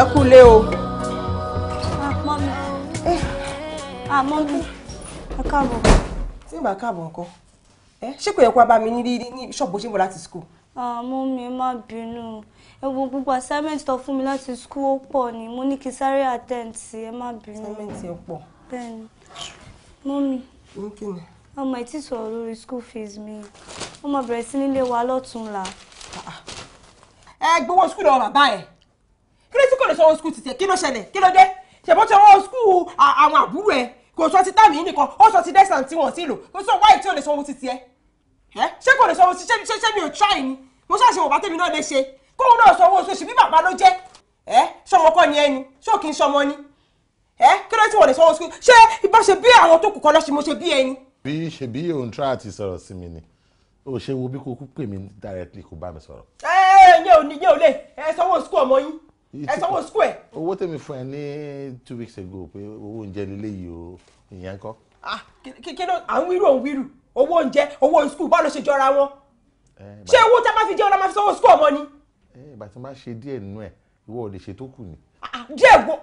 ẹ kú lé o. àmọ́ mi eh. ah, ẹ káàbọ̀. tí ìgbà káàbọ̀ nǹkan ẹ eh, ṣé kò yẹ kó a bá mi ní rí ní ṣọ́ọ̀bù ṣé mo láti school. àmọ́ ah, mi má bínú ẹ wo gbogbo assignment tó fún mi láti school ó pọ̀ ni mo ní kí n sáré attend sí ẹ má bínú. assignment ẹ pọ̀. bẹ́ẹ̀ni mọ́mí. ní kí ọmọ ẹ̀ tí sọ̀rọ̀ lórí school fees mi ó máa bẹ̀rẹ̀ sí nílé wa lọ́túnla. ẹ gbowó skul lọ bàbá ẹ kí ló tí kò lè sọ wọn skul títẹ kí ló ṣẹlẹ̀ kí ló dé ṣèbó tí wọn skul àwọn àbúrò ẹ kò sọ ti tàmí nìkan ó sọ ti dẹ́sán tí wọ́n ti lò kò sọ wáyé tí ò lè sọ wọn títí ẹ ṣé kò lè sọ wọn ṣe ṣe ṣe mi ò try ni mo ṣàṣe wọ̀ bá tèmi náà lè ṣe kóun náà sọ owó oṣooṣù bí bàbá ló jẹ́ ẹ sọmọ kọ́ ni ẹni ṣó kì í sọmọ ni ẹ kí ló tí wọ́n lè sọ wọn skul ṣé ìbáṣe bí àwọn tó kù bí ṣe bí òun tra àti sọ̀rọ̀ sí mi ni ó ṣe wo bí kò kú pè mí directly kò bá mi sọ̀rọ̀. ẹ ẹ ǹjẹ́ ò ní ǹjẹ́ ò lè ẹ sanwó sukú ọmọ yín ẹ sanwó sukú ẹ. owó tèmi fún ẹ ní two weeks ago pé owó oúnjẹ lélẹ́yìí o ìyẹn kọ́. Ah, kí ló à ń wíru òun wíru owó oúnjẹ owó sukú báwo ló ṣe jọra wọn ṣé owó tá a bá fi jẹun la máa fi sanwó sukú ọmọ ni. ìgbà tí wọ́n bá ṣe díẹ̀ nínú ẹ̀ ìwọ ò lè ṣe tó kù ni. Ah, ah, díẹ̀ gbọ́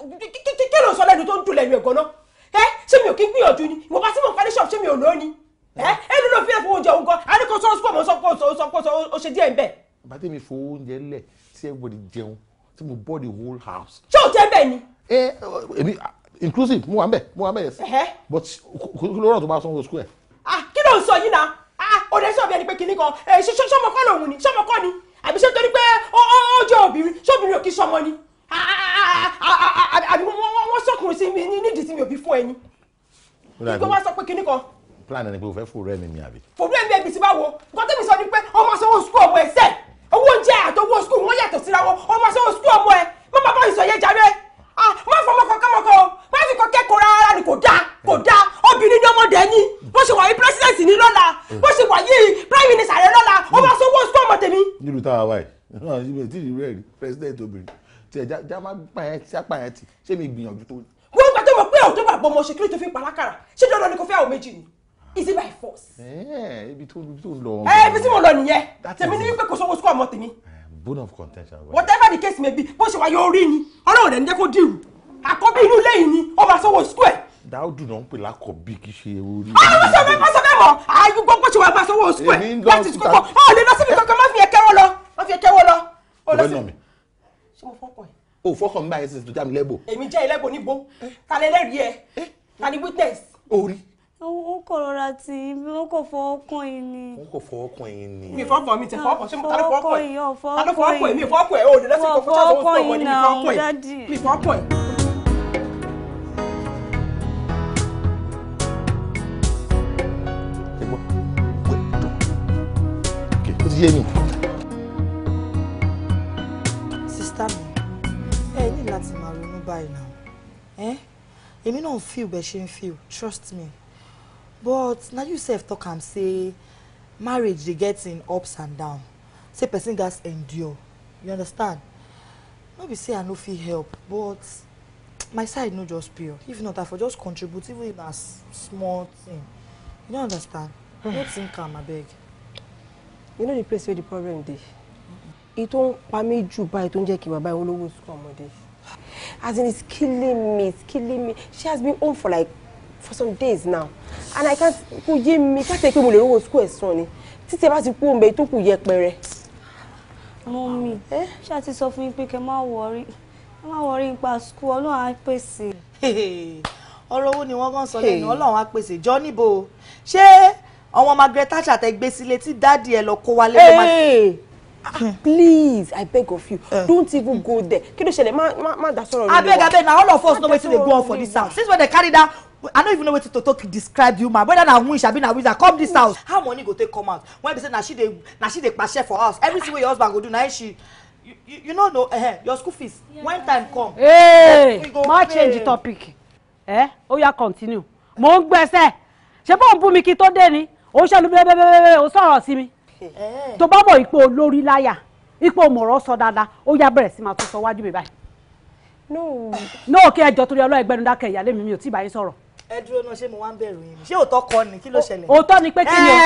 kí ló sọ lẹ́nu tó ń dùn lẹ́nu ẹ̀gọ́ náà ẹ ṣé mi ò kí gbìyànjú ni ìwọ bá tí mò ń parí ṣọ́ọ̀bù ṣé mi ò lóní ẹ ẹ ló lọ fi ẹ̀ fowó jẹ òun gan àní kò sọ ọ́sùpọ̀ mọ́ sọ́kòsọ́kòsọ́ ó ṣe díẹ̀ ń bẹ̀. bàtà mi fowó oúnjẹ lẹ̀ tí everybody jẹun tí mo bọ́ the whole house. ṣé o jẹ bẹ́ẹ̀ ni. ẹ èmi inclusive mo wà ń bẹ̀ mo wà ń bẹ̀ yẹn sí. but kí ló rọ̀ tó bá sanwó school ẹ̀. ah kí ló ń sọ yìí náà ah òde sọ̀bì ẹni pé kinní kan ṣọmọkọ́ lòun ni ṣọmọkọ́ ni àbí ṣé torí pé ó jẹ́ obìnrin ṣóbìnrin ò kí sọmọ ni àbí wọ́n wọ́n sọkùnrin sí mi nídìí tí mi ò fi fún ẹyin ìgbé wa sọ pé kinní kan. plan ni pé o fẹ́ fòrò ẹ̀mí mi àbí. fòrò ẹ̀mí ẹ̀bí ti bá wo nǹkan tẹ́mi sọ ni pé ọmọ sanwó sukú ọmọ ẹ sẹ́ owó oúnjẹ àti owó sukú wọn yàtọ̀ síra wọn ọmọ sanwó sukú ọmọ ẹ má bàbá ìsọ̀ yẹn jàre má fọmọ kankan mọ́kọ má fi kọ́ kẹ́kọ̀ọ́ rárá ni kò dáa kò dáa obìnrin ni ọmọdé ni bó ṣe wà yí pírẹsidẹ̀ntì ni lọ́la mm. bó ṣe wà yí prime minister rẹ lọ́la ọmọ sanwó sukú ọmọ tèmi. nílùú táwa wáyé náà yìí bẹ́ẹ̀ tí ì rẹ̀ rí pírẹsidẹ̀ntì obìnrin tí ẹja já má pa sí apá ẹ tì ṣé mi gbìyànjú tó. wọ́n gbà tó mọ̀ pé ọ̀tọ́ bá bọ́ ọmọ ṣe kí ló tó fi pàlákàrà ṣé dandan ni kò fẹ́ àwọn méjì ni is it by force. ẹ ibi tó ibi tó lọ. ẹ ibi tí mo lọ nìyẹn tèmi ní pé kò sówó sukú ọmọ tèmi. Eh, bone of contention. whatever the case may be bó ṣe wà yóò rí ni ọlọ́run rẹ̀ ń jẹ́ kó dìrù àkọ́bí inú ilé yìí ni ó máa sówó sukú ẹ̀. dáúdù náà ń pè lákọ̀ọ́bí kì í ṣe ewu rí. ọlọ́run sọ fẹ́ fọ́ sọ fẹ́ mọ̀ àyù gbogbo ṣe wà máa sówó sukú ẹ̀ láti sukú ọ̀ lè lọ síbi kankan má fi ẹ̀kẹ́wọ́ lọ má fi ẹ̀kẹ́wọ́ lọ ṣé mo fọkàn ẹ. o fọkàn mi báyìí sísè tó já mi lẹ́bù. èmi jẹ́ ẹlẹ́bù níbo ta lẹ lẹ́rìí ẹ ta ni witness. orí. ó kò rọra tí ó kò fọwọ́ kàn yín ni. ó kò fọwọ́ kàn yín ni. mi fọkàn mi tẹ ah, fọkàn ṣé mo ta ló fọkàn ẹ ta ló fọkàn ẹ mi fọkàn ẹ o lè lọ́sẹ̀ kọ́kọ́ ṣáà tó fọwọ́ ni mi fọkàn ẹ mi fọkàn ẹ. yé mi. I mean, ń feel but ṣe ń feel trust me but now you sef talk and say marriage dey get in ups and downs say person gats endure you understand Maybe say i no feel help but my side no just pure if not i for just contribute even if na small thing you don't understand What's ah. think am abeg. you know the place where the problem dey. e tó ń pa mí jù báyìí tó ń jẹ́ kí bàbá olówó sùn ọmọdé as in it's killing me it's killing me she has been home for like for some days now and i can't kò yé mi ká tẹ̀ pé mo lè rówó school ẹ̀sán ni títí ẹ bá ti kú òǹbẹ tó kù yẹpẹrẹ. mọ́mí eh? ṣé a ti sọ fún yín pé kẹ́ má wọrí ẹ má wọrí nípa school ọlọ́run á pèsè. ọ̀rọ̀ owó ni wọ́n kàn sọ lẹ́nu ọlọ́run á pèsè jọ níbo ṣé ọmọ Margaret Thatcher tẹ gbé sílé tí dáàdi ẹ lọ kó wálé ló máa please i beg of you don't even go there kí ló ṣẹlẹ̀ má má da sọ̀rọ̀ lórí wa abeg abeg na all of us know wetin dey go on for this house since when they carry that i no even know wetin to talk describe you ma whether na wish abi na wizard come this house how money go take come out when be say na she dey na she dey share for house everything wey your husband go do na she you you, you no know uh, your school fees yeah. when time come. ee hey, ma change the topic Eh? ó yá continue mò ń gbẹsẹ ṣé bọ́ọ̀ ń bú mi kí tó dé ni òun ṣàlùbẹ́ẹ́bẹ́ẹ́bẹ́ ó sọ̀rọ̀ sí mi. Eh. tó bá mọ̀ ipò olórí láyà ipò mọ̀rọ̀ sọ dáadáa ó yá bẹ̀rẹ̀ sí máa tún sọ wájú mi báyìí. no kí ẹjọ́ torí ọlọ́ọ̀ ẹgbẹ́nu dákẹ́ ìyáálé mi mi ò tí ì bá sọ̀rọ̀. ẹ dúró náà ṣé mo wá ń bẹ̀rù yín ṣé òótọ́ kọ́ ni kí ló ṣẹlẹ̀. òótọ́ ni pé kí ni o.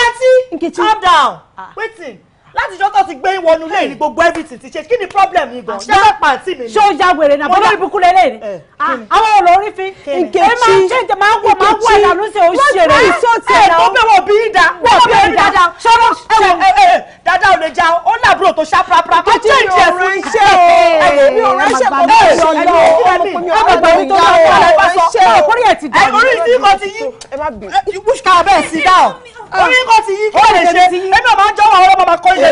àǹtí eh, ah, ah. calm down ah. wetin láti ìjọ́ tó ti gbé wọnú lé ní gbogbo everything ti ṣe kí ni problem yìí gan ṣé ọlọ́pàá àti mi ni. ṣé o ya wèrè náà bọ́lá ìbùkún lélẹ̀ ni àwọn olórí fi nkechi nkechi máa ń wọ máa ń wọ ẹ̀dá ló ṣe o ṣe rẹ̀ eh, ẹ̀ tó bẹ̀ wọ bí da wọ bí da ṣọ́rọ́ ṣọ́rọ́ dada ò lè ja ó làbúrò tó ṣá prapra kó tí ì jẹ fún iṣẹ́ o ẹ̀mí eh, eh, ò ránṣẹ́ kò tó ṣe ẹ̀mí ọgbàgbà mi tó máa wọ ẹ̀ bá sọ orí ẹ̀ ti dà mí orí ti kò ti yí wúṣkà bẹ́ẹ̀ sí dá ah. orí kò ti yí kí lè ṣe ẹ̀mí ò máa ń jọ́wọ́ ọ̀rọ̀ máa kọ́ ilé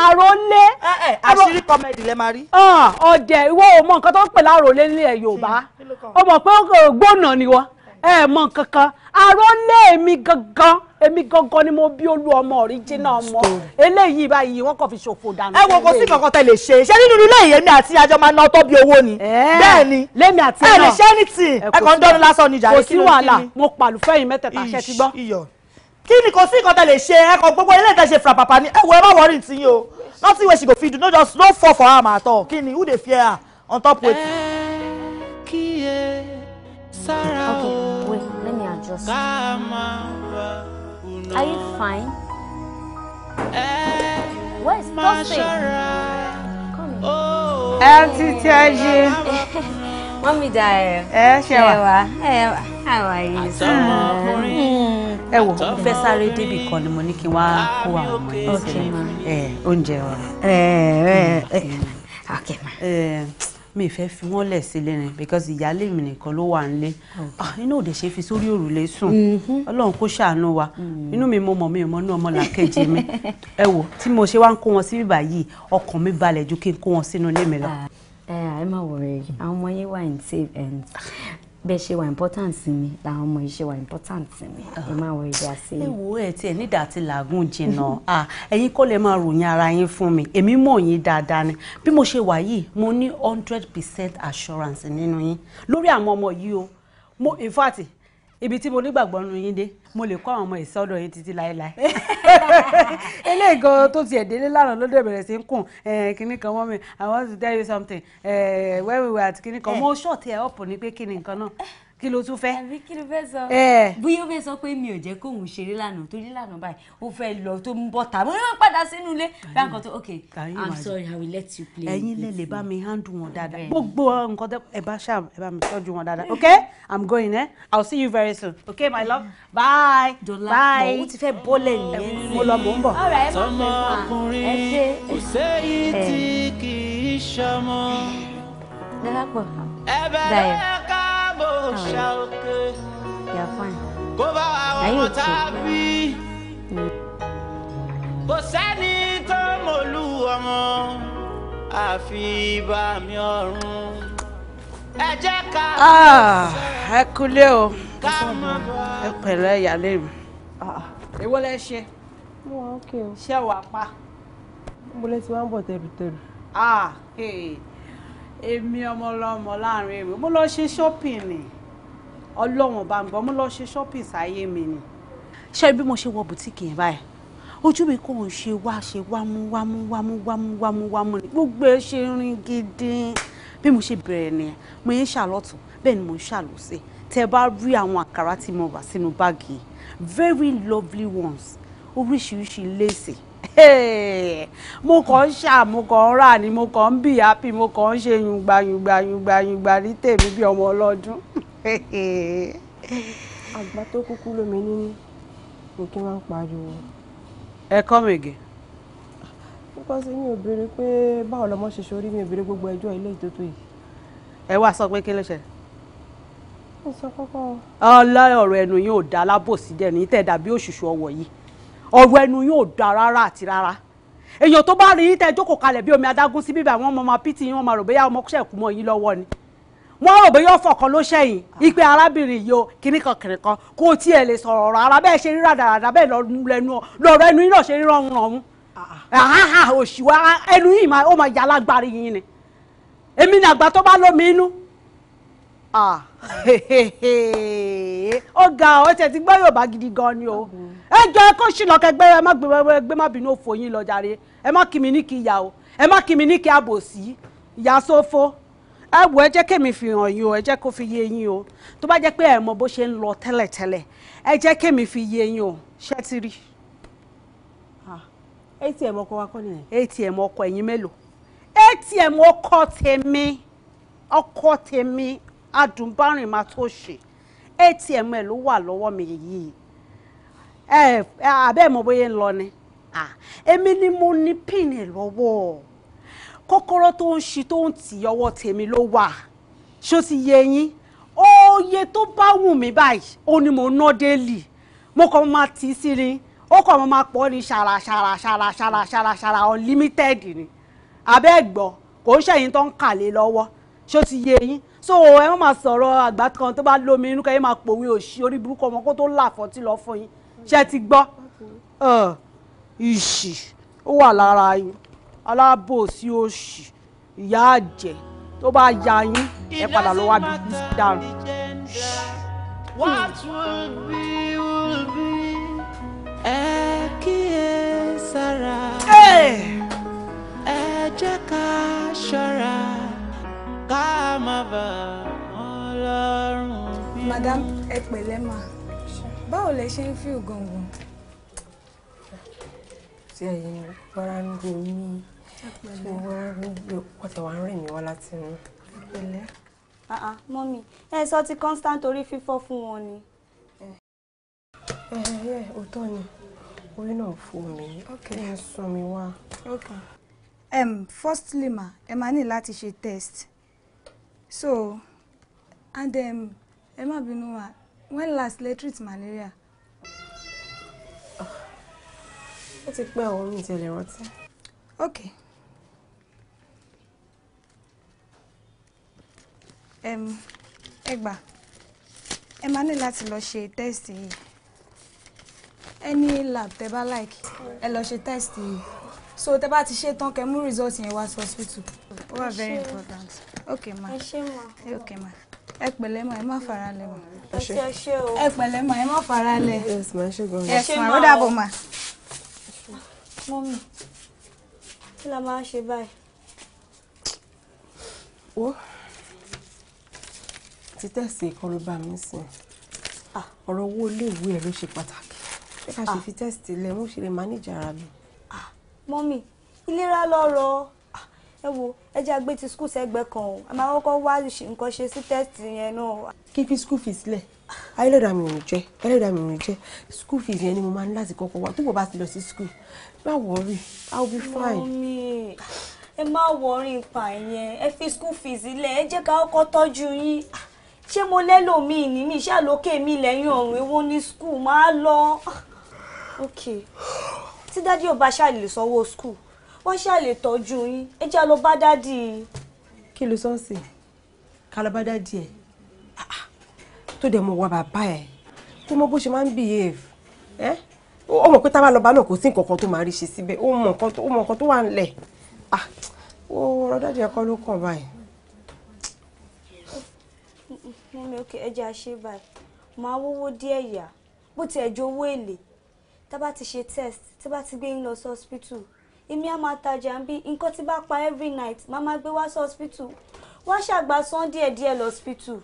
àròlé. Eh, eh, àṣírí kọmẹdì lẹ máa rí. Ah, ọ̀dẹ̀ ìwọ ò mọ nǹkan tó ń pè láròlé nílẹ̀ yorùbá ó mọ̀ pé gbóná ni wọ́n ẹ mọ nǹkan kan àròlé èmi gangan èmi gangan ni mo bí olú ọmọ original ọmọ eléyìí báyìí wọn kàn fi ṣòfò dànù. ẹ wo kò sí kankan tẹ lè ṣe ṣé nínú ilé ìyẹn mi àti ajọ máa ná ọtọ bíi owó ni. bẹ́ẹ̀ ni lèmi àti náà ẹ lè ṣe anything ẹ kàn ń dọ́nu lásán ni jàre kí ló ń kí ni. kò sí wàhálà mo pàlùfẹ́ yìí mẹ́tẹ̀ẹ̀ta ṣẹ́ ti gbọ́ kí ni kò sí nǹkan tẹ́ lè ṣe ẹ̀kọ́ gbogbo ilé ìtẹ̀ṣe fìràpàpà ni ẹ̀wọ̀ ẹ má wọrí ti yín o nothing wey she go fit do no just no fall for am at all kí ni who dey fear her on top wetin. ẹ kíyè sára o ká máa bá una. are you fine? ẹ where is Thursday? ẹ ti tẹ́ jí mọ́mí da ẹ̀ ẹ ṣe wa. ẹ àwa yìí sọ. ẹ wò ó fẹ́ sáré débì kan ni mo ní kí n wá kó àwọn ọmọ yìí sílẹ̀ oúnjẹ wa. mi fẹ́ fi wọ́n lẹ̀ sílẹ̀ ni because ìyáálé mi nìkan ló wà nílé ah, inú òde ṣe fi sórí òrùlé sùn mm-hmm. ọlọ́run kó ṣàánú wa mm. inú mi mo mọ̀ mi ò mọ̀ inú ọmọ làkejì mi ẹ wo tí mo ṣe wá ń kó wọn sí bíbá yìí ọkàn mi balẹ̀ ju kí n kó wọn sínú ilé mi lọ. Ah ẹ ẹ má worry àwọn ọmọ yín wà in safe and bẹ́ẹ̀ ṣe wà important sí mi làwọn ọmọ yìí ṣe wà important sí mi ẹ má worry ìjà sí i. ẹ wo ẹ tiẹ̀ nídà àti làágùn jìnnà ẹ̀yin kọ́ lè máa ròyìn ara yín fún mi èmi mọ̀ yín dáadáa ni bí mo ṣe wà yìí mo ní hundred percent assurance nínú yín lórí àwọn ọmọ yìí o mo in fact ibi tí mo nígbàgbọ́ nu yín dé mo lè kó àwọn ọmọ ìsọdọ̀ yín títí láéláé eléyìí gan tó tiẹ̀ délé lánàá ló dẹ̀ bẹ̀rẹ̀ sí ń kùn kínní kan wọ́n mi i want to tell you something where we were at kínní kan eh. mo ṣọ̀tì ẹ̀ ọ̀pọ̀ ní pé kínní nǹkan náà kí ló tún fẹ́. àbí kí ló fẹ́ sọ. bóyá ó fẹ́ sọ pé mi ò jẹ́ kóun ṣeré lánàá torí lánàá báyìí ó fẹ́ lọ tó ń bọ̀ tà mo máa ń padà sínú ilé báyìí kan tó ok i'm sorry i will let you play. ẹ̀yin lè lè bá mi handle wọn dáadáa gbogbo nǹkan tẹ ẹ bá ṣáà ẹ bá mi tọ́jú wọn dáadáa ok i'm going eh will see you very soon ok my love bye bye. mo ti fẹ́ bọ́lẹ̀ nìyẹn mo lọ mò ń bọ̀. tọmọkùnrin kò séyìí tí kì í ṣọmọ. ẹ bẹ̀rẹ̀ kó bá wa wọ́n tá a bí kò sẹ́ni tó mọ̀lú ọmọ àfi bá mi ọ̀run ẹ jẹ́ ká. Ah, ẹ kúlé o ẹ pẹ̀lẹ́ ìyáálé mi. Ah, ah. èwo lẹ ṣe. mo wà pa. mo lè ti wá ń bọ̀ tẹrùtẹrù. ah hey èmi ọmọ ọlọ́mọ láàrin èrò mo lọ ṣe shopping ni ọlọ́wọ̀n bá ń gbọ́ mo lọ ṣe shopping sáyé mi ni. ṣé bí mo ṣe wọ bùtíkì yẹn báyìí ojú mi kò ń ṣe wá ṣe wámú wámú wámú wámú wámú wámú ni gbogbo ẹ ṣe rin gidi bí mo ṣe bẹ̀rẹ̀ nìyẹn mo yẹn ṣàlọ́tún bẹ́ẹ̀ ni mo ń ṣàlọ́sẹ̀ tẹ́ bá rí àwọn àkàrà tí mo rà sínú báàgì very lovely ones oríṣiríṣi léèsì mo kàn ń ṣà mo kàn ń rà ni mo kàn ń bì happy mo kàn ń ṣe yùngbà yùngbà yùngbà yùngbà ní tèmi bí ọmọ ọlọ́dún. àgbà tó kúkú lómi nínú mo kí wọ́n ń pariwo. ẹ kọ́ mi gè. because mi ò béèrè pé báwo lọmọ ṣe ṣorí mi ò béèrè gbogbo ẹjọ́ ilé ìtótó yìí. ẹ wá sọ pé kí ló ṣe. mo sọ kọ́kọ́. ọlọ́ọ̀rọ̀ ẹnu yín ò dá alábòsí dẹ̀ ní tẹ̀ dàbí òṣùṣù ọwọ̀ yìí ọ̀rọ̀ ẹnu yóò da rárá àti rárá èèyàn tó bá rí tẹ́ jókòó kalẹ̀ bí omi adágún sí bíbẹ̀ àwọn ọmọ ọmọ pìtì yín wọ́n máa rò bóyá ọmọ ṣẹ̀kú mọ́ yín lọ́wọ́ ni wọ́n rò bóyá ọ̀fọ̀ kan ló ṣẹ̀yìn ipe arábìnrin yìí o kan kìnnì kan kó tiẹ̀ lè sọ̀rọ̀ bẹ́ẹ̀ ṣe bẹ́ẹ̀ ẹnu yín òṣìwà ẹnu yìí ó máa yà lágbárí yín ni èmi ni àgbà tó bá lómi inú ah, ó ga tẹ̀ ti gbọ́ gidi gan ni o. Mm -hmm. ẹ jọ ẹ kó ṣìlọ kẹgbẹ ẹ má gbé ẹgbẹ má bínú òfò yín lọ ẹ má kí mi ní kí ìyá o ẹ má kí mi ní kí àbòsí ìyá sófo ẹ wò ẹ jẹ́ kémi fi hàn yín o ẹ jẹ́ kó fi yé yín o tó bá jẹ́ pé ẹ mọ bó ṣe ń lọ tẹ́lẹ̀tẹ́lẹ̀ ẹ jẹ́ kémi fi yé yín o ṣẹ́ ti rí. atm ah, ọkọ wa kọ́ nìyẹn. atm ọkọ ẹ̀yin mélòó atm ọkọ tèmi ọkọ tèmi adùnbárìn máa tó ṣe atm ẹ ló wà lọ́wọ́ mi yìí ẹ abẹ́ mọ̀ bóyá ń lọ ni èmi ni mo ní pínì lọ́wọ́ kọ́kọ́rọ́ tó ń ṣí tó ń tì ọwọ́ tèmi ló wà ṣó ti yé yín oye tó bá wù mí báyìí ó ní mo ná délì mo kàn máa tì í sí ni ó kàn máa pọ̀ ní ṣàrà unlimited ni abẹ́ gbọ́ kò ń ṣẹ̀yìn tó ń kàlé lọ́wọ́ ṣó ti yé yín so ẹ má máa sọ̀rọ̀ àgbà kan tó bá lómi inú kan ẹ máa pòwe òṣì orí burúkú ọmọ kó tó là fọ́tí lọ fún yín ṣe ti gbọ́ ìṣì ó wà lára yín alábòsí òṣì ìyá àjẹ tó bá ya yín ẹ padà lọ wá bí dànù. What will be will be ẹ kíyè sára ẹ jẹ́ ká ṣọ́ra Madam ẹ pẹ̀lẹ́ mà báwo lẹ ṣe ń feel gangan. tí ẹ̀yin wàrà ń gbé mí tí wàrà ń gbé pọ̀tẹ̀ wà ń rìn mí wá láti inú. pẹ̀lẹ́. Ah, ah, mọ́mí ẹ sọ ti constant orí fífọ́ fún wọn ni. ẹ ẹ òótọ́ ni orí náà fò mí ẹ sún mi wá. firstly ma ẹ máa ní láti ṣe test so and ẹ má bínú wa when last lè treat malaria. ó ti pẹ́ ọ̀hún mi tẹ̀lé rántí. ok. ẹ gbà ẹ máa ní láti lọ ṣe tẹ́sítì yìí any lab tẹ bá like ẹ lọ ṣe tẹ́sítì yìí so tẹ bá ti ṣe tán kẹ́ mú result yẹn wá sí hospital ó wà very important Okay, ma ẹ ṣe ma ok ma ẹ pẹ̀lẹ́ mà ẹ má fara lẹ̀ mà ẹ pẹ̀lẹ́ mà ẹ má fara lẹ̀ ẹ fún àrò dàbọ̀ mà. mọ́mí kí la máa ṣe báyìí. wo títẹ̀sí kan ló bá mi sìn ọ̀rọ̀ owó iléèwé ẹ̀ ló ṣe pàtàkì ṣé ká ṣe fi tẹ́sítì lẹ̀ mo ṣe lè mánéjà ara mi. mọ́mí ìlera lọ́rọ̀ ẹ wo ẹ jẹ́ àgbẹ̀ ti skul sẹ́gbẹ́ kan o a máa kọ́kọ́ wá nǹkan ṣe sí tẹ́sítì yẹn náà. kí n fi skul fees sílẹ̀ ayélujára mi ò ní jẹ́ ayélujára mi ò ní jẹ́ skul fees yẹn ni mo máa ń láti kọ́kọ́ wá tó bọ̀ bá ti lọ sí skul má wọrí i will be fine. mọ́mí ẹ má wọrí ipa yẹn ẹ fi skul fees sílẹ̀ ẹ jẹ́ ká kọ́kọ́ tọ́jú yín ṣé mo lẹ́lò mi ní mi ṣáà lókè mi lẹ́yìn ọ̀rùn ewo ní skul máa lọ. ok tí dádì ò bá ṣáà sanwó skul wọ́n ṣáà lè tọ́jú yín ẹ jẹ́ lọ bá dádì. kí ló sọ́n sí ká lọ bá dádì ẹ̀ tó dẹ̀ mọ̀ wá bàbá ẹ̀ kó mọ bó ṣe máa ń behave ẹ́ ó mọ̀ pé tá a bá lọ bá náà kò sí nǹkan kan tó máa rí ṣe síbẹ̀ ó mọ̀ nǹkan tó wà nílẹ̀ ó rọ dádì ẹ̀ kọ́ ló kàn báyìí. mọ́mi òkè ẹ jẹ́ àṣẹ báyìí máa wówó díẹ̀ yá bó tiẹ̀ jọ owó èlé tá a bá ti ṣe test tá a bá ti gbé yín lọ sí hospital èmi á máa tajà ń bí nǹkan tí bá pa every night má máa gbé wá sí hospital wá ṣàgbà sán díẹ̀ díẹ̀ lọ hospital.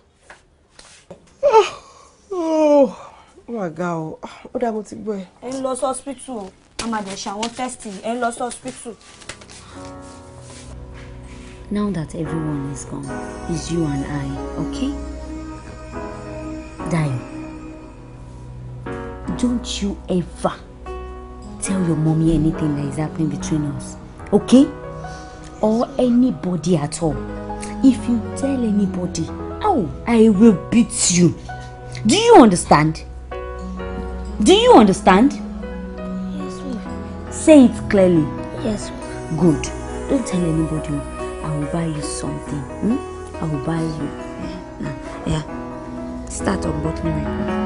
wà á ga ọ ó dá mo ti gbọ́ ẹ. ẹ ń lọ sí hospital o a máa dẹ̀ ṣàwọn tẹ́sítì ẹ ń lọ sí hospital. Now that everyone is gone, it's you and I, okay? Dayo, don't you ever tell your mommy anything that is happening between us okay or anybody at all if you tell anybody oh i will beat you do you understand do you understand yes ma'am say it clearly yes ma'am good don't tell anybody i will buy you something hmm? i will buy you yeah, yeah. start on bottling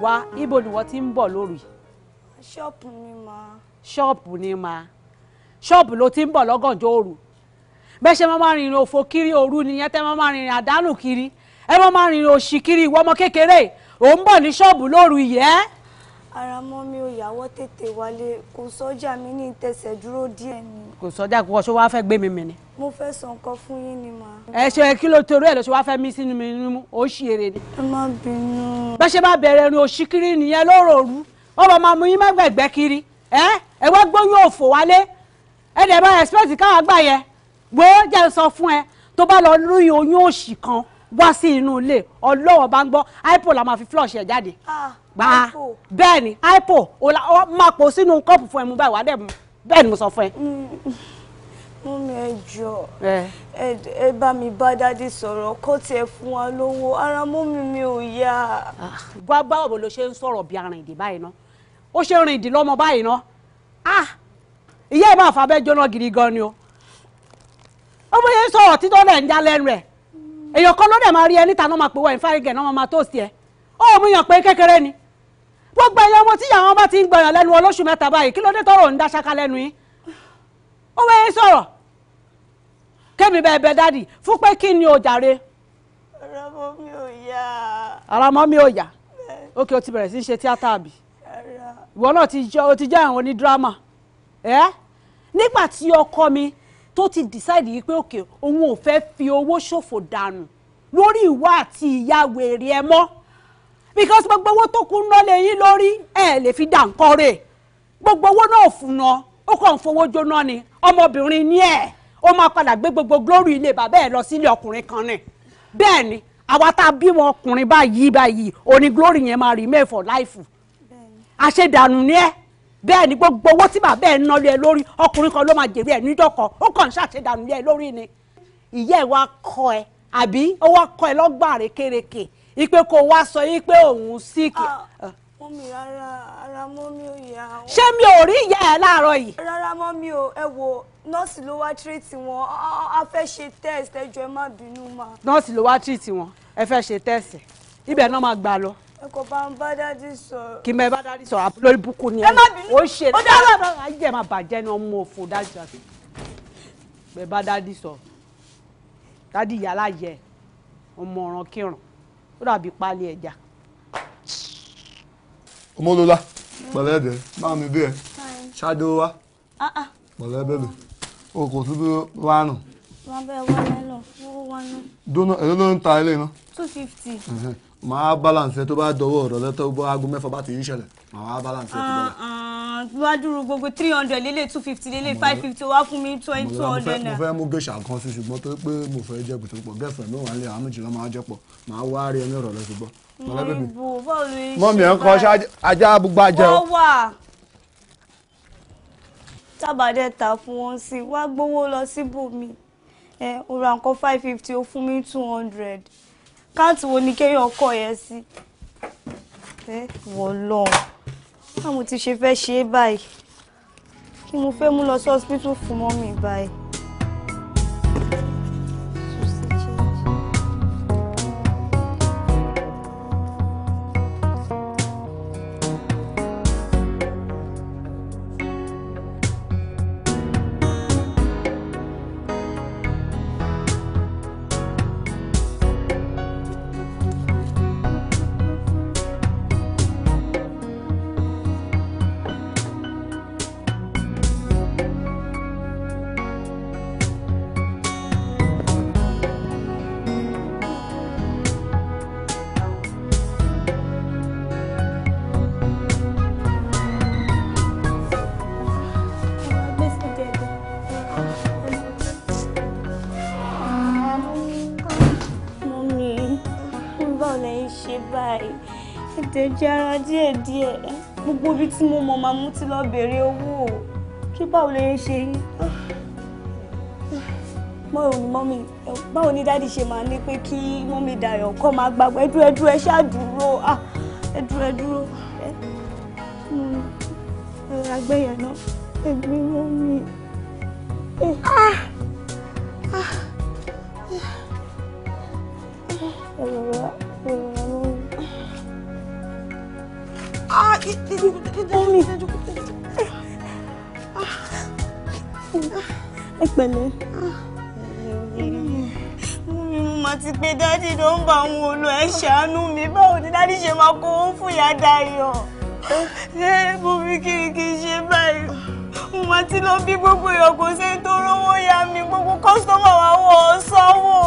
wa ibo ni wọ́n ti ń bọ̀ lórí. ṣọ́ọ̀pù ni ṣọ́ọ̀pù ló ti ń bọ̀ lọ́gànjọ́ òru bẹ́ẹ̀ kiri kiri ẹ máa kiri ìwọ ọmọ o n bọ̀ ni ṣọ́ọ̀bù ara mọ́ mi ò yàwọ́ tètè wálé kò sọ́jà mi ní ìtẹ̀sẹ̀ dúró díẹ̀ ni. kò sọ́jà kò ṣó wá fẹ́ gbé mi mì mo fẹ́ sọ nǹkan fún yín ni mà. ẹ ṣe kí ló torí ẹ lọ ṣe wá fẹ́ mí sínú mi nínú ó ṣì èrè ni. ẹ má bínú. bá ṣe bá bẹ̀rẹ̀ rin òṣìkiri nìyẹn lóró òru ó bá máa mú yín má gbẹ̀gbẹ́ kiri ẹ ẹ wá gbóyún òfò wálé ẹ dẹ̀ bá ẹ̀sìpẹ̀sì káwá gbà yẹ gbó jẹ́ sọ fún ẹ tó bá lọ rí oyún òṣì kan wá sí inú ilé ọlọ́wọ́ bá ń gbọ́ ipo la máa fi flush ẹ̀ jáde. ah gbà bẹ́ẹ̀ ni hypo ó máa pò sínú kọ́ọ̀pù fún ẹ mú báyìí wà á dẹ̀ mú bẹ́ẹ̀ ni mo sọ fún ẹ. mú mm. ẹ jọ ẹ bá mi bá dádì sọ̀rọ̀ kó tiẹ̀ fún wa lówó ara mú mi ò yá. Ah, wá báwo bò ló ṣe ń sọ̀rọ̀ bí arìndì báyìí ná ó ṣe rìndì lọ́mọ báyìí ná ah, ìyá ẹ̀ máa fà bẹ́ẹ̀ jóná gidi gan ni o ó bóyá ń sọ̀rọ̀ títọ́ náà ń já lẹ́nu ẹ̀ èèyàn kan ló máa rí ẹ níta náà máa pè wọ́n ìfáyín náà máa tó gbogbo ẹyẹ ọmọ tíyà wọn bá ti ń gbọyàn lẹ́nu olóṣù mẹ́ta báyìí kí ló dé tọrọ ń dá ṣaka lẹ́nu yín ó wẹ́yẹ sọ̀rọ̀ kémi bẹ́ẹ̀ bẹ dádì fún pé kí ni o jàre. ara mi ò yá. ara mi ò yá ókè o ti bẹ̀rẹ̀ sí ṣe tíátà àbí ìwọ náà o ti jẹ́ àwọn onídírámà ẹ́ nígbà tí ọkọ mi tó ti decide yìí pé òkè òun ò fẹ́ fi owó ṣòfò dànù lórí ìwà àti ìyá wèrè ẹ mọ́ because gbogbo owó tó kún ná lè yín lórí ẹ lè fi dà nǹkan rè gbogbo owó náà fún ná ó kàn fowó jóná ni ọmọbìnrin ní ẹ ó máa padà gbé gbogbo glory ilé bàbá ẹ lọ sílé ọkùnrin kan ni bẹ́ẹ̀ ni àwa tá a bímọ ọkùnrin báyìí báyìí òní glory yẹn máa remain for life àṣedànù ni ẹ bẹ́ẹ̀ ni gbogbo owó tí bàbá ẹ ná lé ẹ lórí ọkùnrin kan ló máa jèrè ẹ nídọ̀kọ̀ ó kàn ṣàṣedànù lé ẹ lórí ni ìyá ẹ wá kọ ẹ àbí ó wá kọ ẹ lọ́gbà rékèrèkè ipe kò wá sọ yìí pé òun sick. Ah, mọ́mí rárá ara mọ́mí ò yá. ṣé mi ò rí ìyá ẹ láàárọ̀ yìí. rárá mọ́mí o ẹ wo nọ́ọ̀sì ló wá tírètì wọn a fẹ́ ṣe test ẹ jọ̀ọ́ ẹ má bínú ma. nọ́ọ̀sì ló wá tírètì wọn ẹ fẹ́ ṣe test ibẹ̀ náà máa gbà lọ ẹ kò bá ń bá dádì sọ̀rọ̀. kì í mẹ bá dádì sọ̀rọ̀ lórí búkú ni ẹ ó ṣe ó dára náà ayé ẹ máa bàjẹ́ ní ọmọ òfò dájú àti bẹ bá dádì sọ̀rọ̀ dádì yàrá yẹ ọmọ ọ̀ràn kírun ó dàbí pálí ẹja. ọmọlọlá pẹ̀lẹ́ ẹdẹ báwo ni bí ẹ ṣáájú wa ah, ah. pẹ̀lẹ́ o kò tún bí wá nù. wọn bẹ wá lẹ́lọ̀ owó wá nù. dúnà èló ló ń ta ilé iná. two fifty. màá balance tó bá dọwọ́ ọ̀rọ̀ lẹ́tọ́ bọ́ aago mẹ́fà bá ti ń ṣẹlẹ̀ màá balance tó bá bá dúró gbogbo three hundred lélẹ̀ two fifty lélẹ̀ five fifty wá fún mi twenty two hundred naira. mo fẹ́ mú gèsà kan sí ṣùgbọ́n tó pé mo fẹ́ jẹ́ kùtù pọ̀ gẹ́fẹ̀ mi wà nílé àwọn méjìlá máa jẹ́ pọ̀ máa wá rí ẹni ìrọ̀lẹ́ ṣùgbọ́n. mọ̀mí ẹ̀ ń kọ́ ajá abúgbà jẹ́ wọ́n wà tábàdẹ́ ta fún wọn sí i wá gbowó lọ síbòmí ẹ o ra nǹkan five fifty o fún mi two hundred káàtì wo ni kéèyàn kọ̀ yẹn sí. ẹ wọ́n lọ́ọ̀ báwo ti ṣe fẹ́ ṣe é báyìí kí mo fẹ́ mú lọ sí hospital fún mọ́mì báyìí. lè jẹ ẹran díẹ̀díẹ̀ gbogbo ibi tí mo mọ̀ máa mú ti lọ bèrè owó kí báwo lè ṣe yín báwo ni mọ́mí báwo ni dáàdi ṣe máa ní pé kí mọ́mí Dayọ̀ kọ́ máa gbàgbọ́ ẹ dúró ẹ dúró ẹ ṣáà dúró ah, ẹ dúró ẹ dúró ẹ agbẹ́yẹ̀ náà ẹ gbé mọ́mí. Eh. Ah! mọ́mí ẹ pẹ̀lẹ́. mo máa ti pé dádì ló ń bá àwọn olú ẹ̀ ṣàánú mi báwo ni dádì ṣe máa kó owó fún ìyá Dayọ̀ mọ́mí kí n kí ṣe báyìí mo máa ti lọ bí gbogbo èèyàn kò ṣe tó rówó yá mi gbogbo kọ́sítọ́mà wa wọ̀ ọ́ sọ́wọ́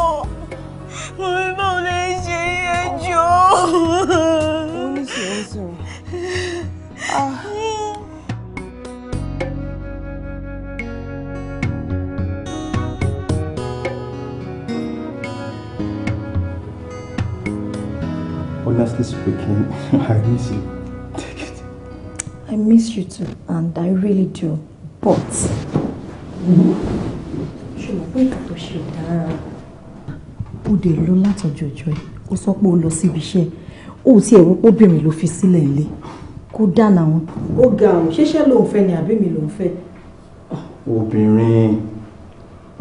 mọ́mí báwo lè ṣe yẹ jù ú. Honestly speaking, I miss you. Take it. I miss you too, and I really do. But. ṣùgbọ́n pé ìkà tó ṣe dára. ó dé lọ látọjọ́ ọjọ́ ẹ ó sọ pé ó lọ síbi iṣẹ́ ó ti ẹ̀rọ obìnrin ló fi sílẹ̀ nílé ga ọ ṣẹ̀ṣẹ̀ lòun fẹ́ ni àbí mi lòun fẹ́. obìnrin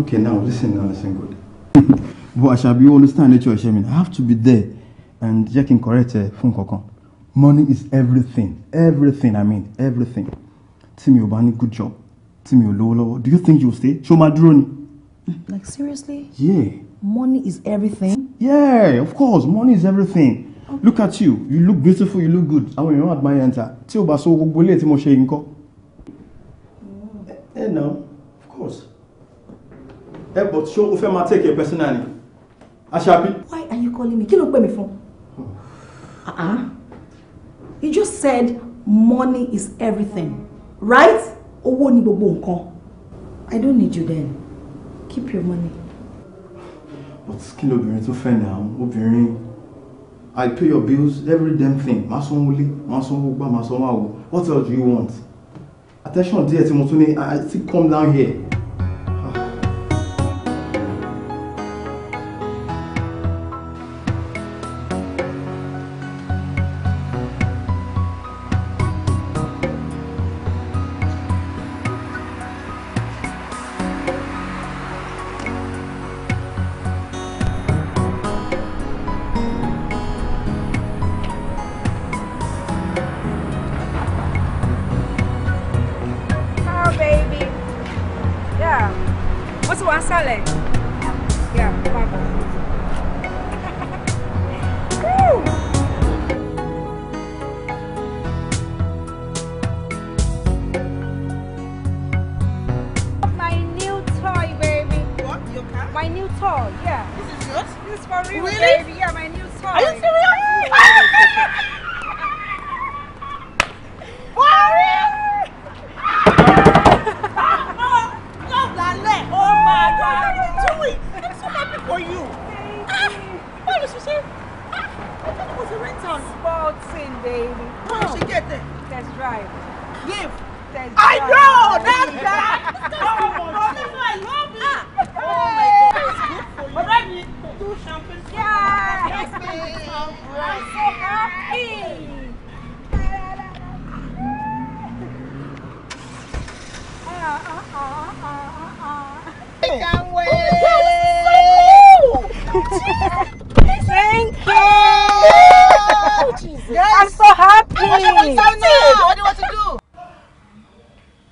okay now listen now listen good. but Àṣàbí you understand nature ṣe mi i have to be there and jẹ́ kí n correct ẹ fún kankan money is everything everything i mean everything tí mi ò bá ní good job tí mi ò lówó lọ́wọ́ do you think you stay ṣé o máa dúró ni. like seriously. yeah. money is everything. yeah of course money is everything okay. look at you you look beautiful you look good àwọn èèyàn admire enter tí o bá so gbogbo ilé tí mo ṣe yìí ń ẹ nà of course ẹ eh, bọ̀ ṣé o fẹ́ máa take your personality aṣáájú. why are you calling me kí ló ń pè mí fún. Uh-uh. You just said money is everything, right? Owó ni gbogbo nǹkan. I don't need you then. Keep your money. But kí lobìnrin tó fẹ́ náà? Obìnrin, I pay your bills, every damn thing. Má sanwó lé, má sanwó gbá, má sanwó àwò. What else do you want? Attention díẹ̀ tí mo tún ní, I still come down here. Yes. I'm so happy. What do you want to do now? What do you want to do?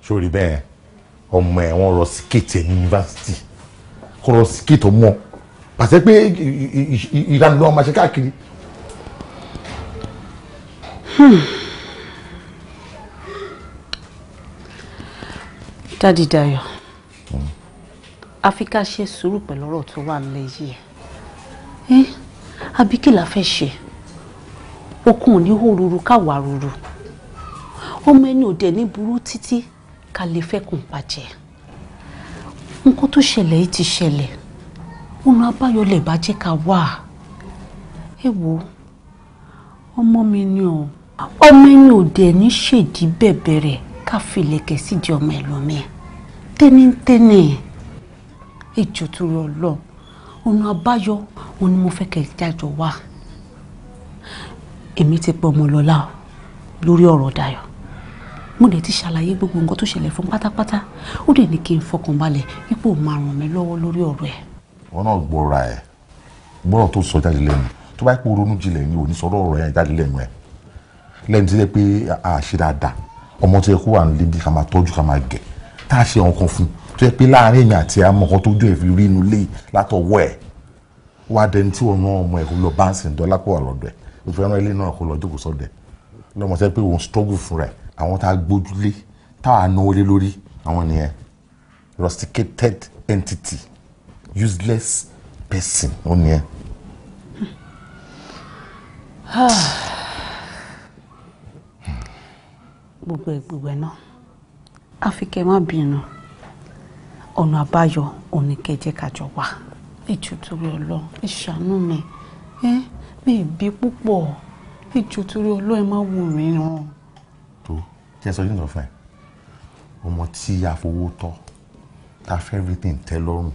Sori bẹ́ẹ̀ ọmọ ẹ̀ wọ́n rọ síkètì ní yunifásitì kó rọ síkètì ọmọ pàṣẹ pé ìranilọ́wọ́ máa ṣe káàkiri. Hmm. Dádì Dayọ̀ àfi ká ṣe sùúrù pẹ̀lú ọ̀rọ̀ tó wà nílẹ̀ yìí eh? àbí kí la fẹ́ ṣe okun ò ní hó ruru káwa ruru ọmọ ẹni ò dẹ̀ ní burú títí ká lè fẹ́kùn bàjẹ́ nǹkan tó ṣẹlẹ̀ yìí ti ṣẹlẹ̀ ọ̀nà àbáyọ lè bá jẹ́ ká wà ẹ wo ọmọ mi ni ọ ọmọ ẹni ò dẹ̀ ní ṣèdí bẹ̀bẹ̀ rẹ̀ ká filẹ̀kẹ̀ sídìí ọmọ ẹlòmíì tẹ́nítẹ́nì ìjòtúrọ̀ lọ ọ̀nà àbáyọ òun ni mo fẹ́ kẹ́ jájọ wà èmi ti pọ̀ ọmọ lọ́la o lórí ọ̀rọ̀ Dayọ̀ mo dẹ̀ ti ṣàlàyé gbogbo nǹkan tó ṣẹlẹ̀ fún pátápátá ó dẹ̀ ní kí n fọkàn balẹ̀ ipò máa ràn mí lọ́wọ́ lórí ọ̀rọ̀ ẹ̀. wọn náà gbọ́ra ẹ̀ gbọ́rọ̀ tó sọ jáde lẹ́nu tó bá pé ronú jinlẹ̀ ni ò ní sọ̀rọ̀ ọ̀rọ̀ yẹn jáde lẹ́nu ẹ̀ lẹ́nu tí ó pé a ṣe dáadáa ọmọ tó yẹ kó wà nílé bí ká máa tọ́jú ká máa gẹ̀ tá a ṣe àwọn kan fún tó yẹ pé láàárín èèyàn àti àmọ́ kan tó jọ ìfi rí inú ilé látọwọ́ ẹ̀ wá dẹni tí wọn rán ọmọ ẹ̀ kó lọ báńsì ń dọ́lá pọ̀ lọ́dọ̀ ẹ̀ o fi ránà ilé náà kó lọ jókòó sọ́dẹ̀ lọ́mọ sẹ́ pé òun struggle fún rẹ̀ àwọn tá a gbójúlé táwa náwó lé lórí àwọn nìyẹn rusticated entity useless person ó nìyẹn. gbogbo ìgbìgbẹ náà àfi kẹ́ má bínú ọ̀nà àbáyọ òní kẹjẹ kájọ wà ìjọ torí Ọlọ́run ìṣàánú mi. Eh? mi bí púpọ̀ ìjọ torí ọlọ́run má wù mí ràn. tó jẹ́ sọ yín lọ fún ẹ ọmọ tí a fowó tọ́ ta fẹ́ everything tẹ́ lọ́rùn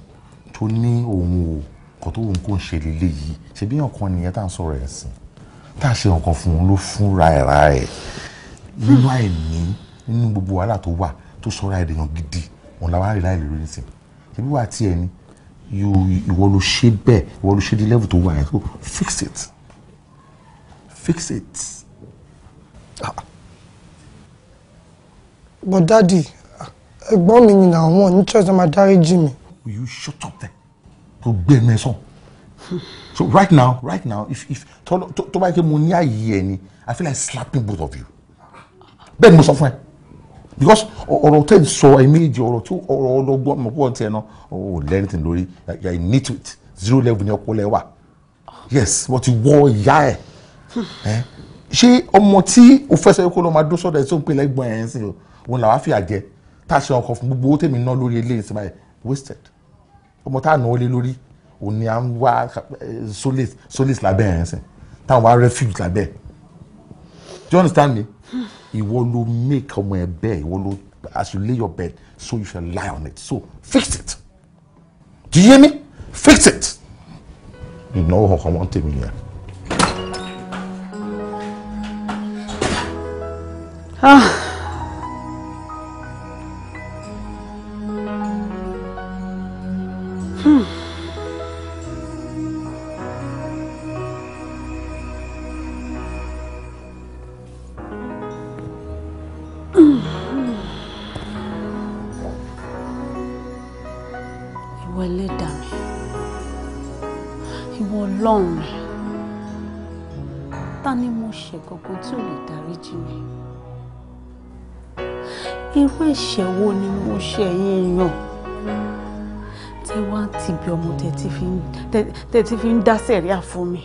tó ní òun o kò tó òun kò ń ṣe lílé yìí ṣe bí ọ̀kan nìyẹn tá à ń sọ̀rọ̀ ẹ̀ sìn tá a ṣe ọ̀kan fún un ló fúnra ra ẹ̀ nínú àìní nínú gbogbo wàhálà tó wà tó sọ̀rọ̀ ẹ̀ dèèyàn gidi òun làwọn àrè láì lè rí nísìn ṣe bí wàá tiẹ̀ ni ìwọ ló ṣe bẹ́ẹ̀ ìwọ ló ṣe di level tó wà ẹ̀ so fix it fix it. Ah. but daddy ẹ̀gbọ́n mi ni àwọn ní choice máa dáríjì mi. will you shut up there kò gbé ẹnu ẹ sàn so right now right now if if tó bá yẹ kí mo ní ààyè ẹ ni i feel like slapping both of you bẹ́ẹ̀ ni mo sọ fún ẹ because ọ̀rọ̀ tẹ́ ń sọ ẹ̀mẹ́jì ọ̀rọ̀ tí ọ̀rọ̀ ọlọ́gbọ́n mọ̀ pọ̀ tiẹ̀ náà ò lẹ́rìndínlórí i need to it zero level ni ọpọlọ ẹ wà yes wọ́n you wọ ìyá ẹ̀ ṣé ọmọ tí o fẹ́ kó lọ́ọ́ máa dún sọ́dọ̀ ẹ̀ tó ń pè lẹ́gbọ̀n ẹ̀ ń sìn o òun làwọn fi àjẹ tá a ṣe ọkọ̀ fún gbogbo owó tèmi ná lórí eléyìí sí báyìí wasted ọmọ tá a náwó lé lórí òun ni à ń wá solace solace lábẹ́ ẹ̀ ń sìn táwọn wá refuge lábẹ́ ẹ̀ do you understand me ìwọ ló make ọmọ ẹ bẹ́ẹ̀ ìwọ ló as you lay your bed so you shall lie on it so fix it do you hear me fix it ìnáwó kankan wọ́n tèmi yẹn. 啊。tẹ́ ti fi ń dá sẹ̀ríà fún mi.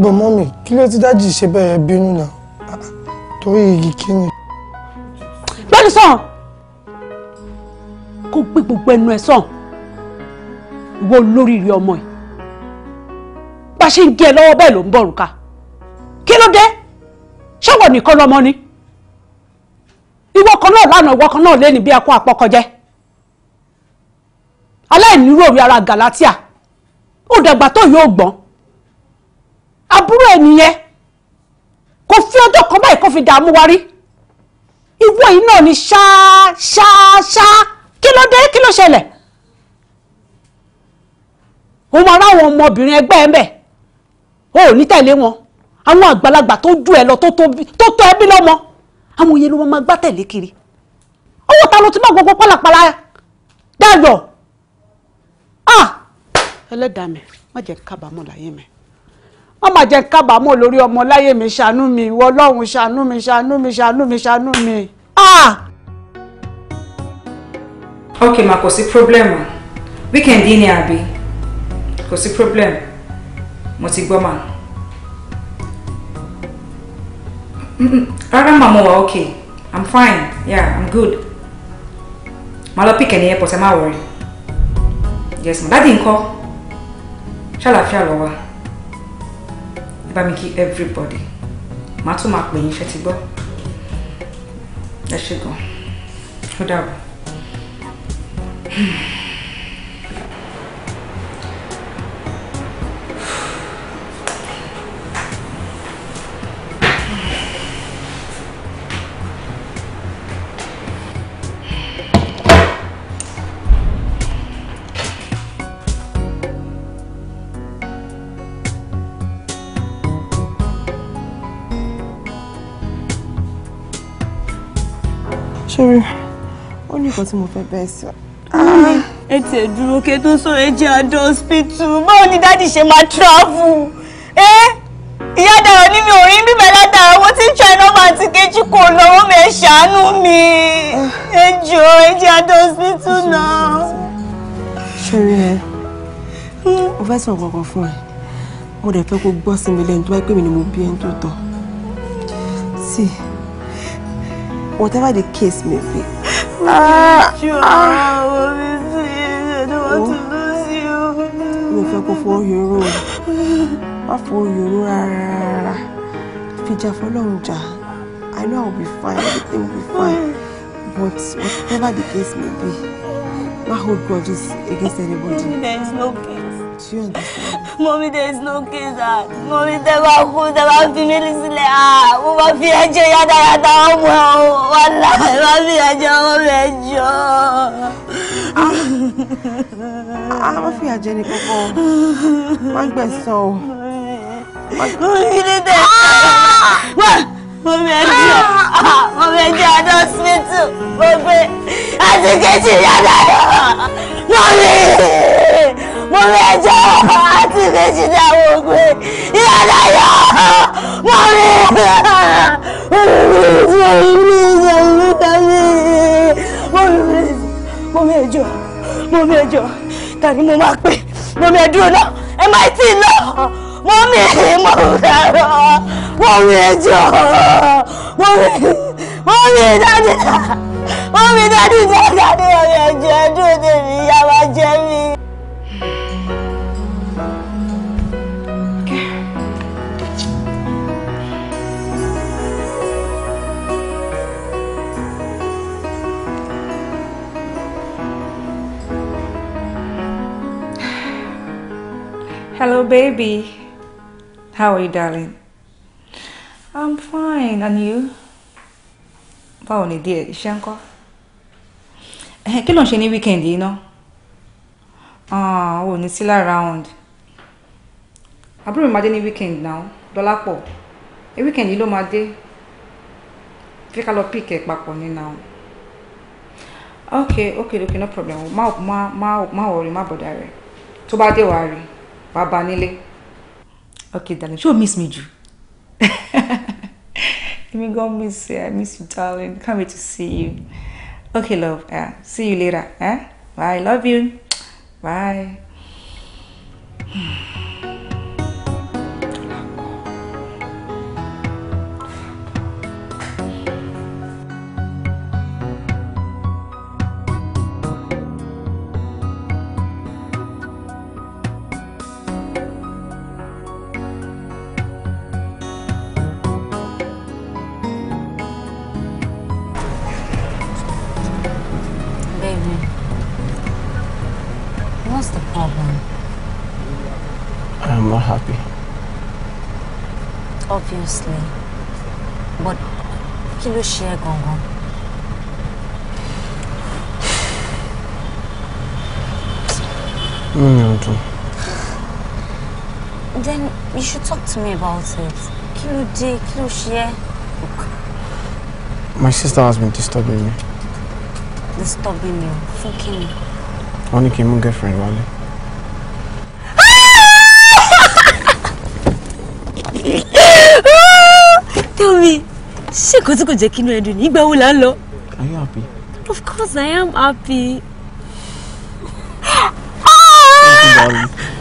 gbọ̀n ah. mọ́mì kí ló ti dájì ṣe bẹ́ẹ̀ bínú náà torí igi kíni. lọ́dún sàn kó gbé gbogbo ẹnu ẹ sàn wo lórí rí ọmọ ẹ bá ṣe ń gé ẹ lọ́wọ́ bẹ́ẹ̀ ló ń bọ̀rùka. kí ló dé ṣọwọ́ nìkan lọ́mọ ni ìwọ kan náà lánàá ìwọ kan náà lé ní bí ẹkún àpọkọjẹ aláìníròrí ara galatia ó dàgbà tó yóò gbọ́n àbúrò ẹ̀ nìyẹn kò fi ọjọ́ kan báyìí kó fi dààmú wa rí ìwọ yìí náà ni ṣáá ṣáá ṣáá kí ló dé kí ló ṣẹlẹ̀ òun máa ráwọn ọmọbìnrin ẹgbẹ́ ẹ̀ ń ò ní tẹ̀lé wọn àwọn àgbàlagbà tó ju ẹ lọ tó tó ẹbí lọ́mọ àwọn òye ló wọn máa gbá tẹ̀lé kiri owó ta ló ti máa gbogbo pálapàla dayọ̀ ah ẹlẹ́dàá mi má jẹ́ kábàámọ̀ láyé mi má má jẹ́ kábàámọ̀ lórí ọmọ láyé mi ṣàánú mi ìwọ ọlọ́run ṣàánú mi ṣàánú mi ṣàánú mi ṣàánú mi ah. ok ma kò sí problem weekend yìí ni àbí kò sí problem mo ti gbọ́ ma. rárá màmá wa ok i'm fine yeah i'm good màá lọ pick ẹ̀ ní airport ẹ má wọrí yes ma dádì ńkọ́ ṣàlàáfíà lọ wa ẹ bá mi kí everybody màá tún máa pè go. Let's go. gbọ́ ẹ Hmm. nǹkan tí mo fẹ́ bẹ́ẹ̀ sọ. Ah. ẹ ti ẹ̀ dúró kí ẹ tó sọ̀rọ̀ ẹ jẹ́ àdó hospital báwo ni dáàdì ṣe máa travel ẹ ìyá dàrọ ní mi ò rí bíbẹ látara owó tí china máa ti kejì kò lọ́wọ́ mi ẹ ṣàánú mi ẹ jọ ẹ jẹ́ àdó hospital náà. ṣeré ẹ mo hmm. fẹ́ sọ kankan fún ẹ mo dẹ̀ fẹ́ kó gbọ́ sí mi lẹ́yìn tó bá pè mí ni mo bí ẹni tó tọ́ sí whatever the case may be mi fẹ́ kó fọ́ yòrò má fọ́ yòrò rárá fìjà fọlọ́run jà I know I be fine everything will be fine but whatever the case may be my whole hold is against anybody. there is no case. Do understand? Mommy, there is no case. Ah. Mommy, they were cool. They were female. Sile. will mo ma fi ẹjọ́ yada yada ọmọ o. Wala, mo ma fi ẹjọ́ ọmọ rẹ jọ. Ah, mo fi ẹjọ́ ni koko. Má gbẹ̀san o. Mommy, they dey. Mommy, ẹjọ́. Mommy, ẹjọ́ adó hospital. Mommy, àti kejì yada yada. Mommy mo rí ẹjọ́ àti méjì ní àwọn ògbé ìyáda yọ mo rí mo rí ẹjọ́ mo rí ẹjọ́ tàbí mo máa pè mo rí ẹdúró náà ẹ má mo rí mo mo rí ẹjọ́ mo rí mo rí dáadé mo rí dáadé dáadé mo ẹjọ́ ẹdúró tèmi ìyá máa jẹ mí. Hello, baby. How are you, darling? I'm fine. And you? Báwo ni díẹ̀ iṣẹ́ ń kọ́? Kí ló ń ṣe weekend you know? Ah, oh, ni still around. I mi máa dé ní weekend náà. Dọ́lápọ̀. Ẹ weekend yìí ló máa dé. Fi ká lọ pick ẹ̀ papọ̀ ní náà. Okay, okay, okay, no problem. Má ma ma ma worry ma bá dé wàá rí worry. wàá nílé. okay darling ṣé o miss me jù. me go miss you i miss you darling can't wait to see you. okay love Yeah, uh, see you later. Eh? bye love you bye. to me about it. Kí ló dé? Kí ló My sister has been disturbing me. Disturbing you? Fucking me. Only Wọ́n ní girlfriend wálé. Tell me, She kò tí kò jẹ́ kí inú ẹ dùn ní? Ìgbà wo Are you happy? Of course I am happy.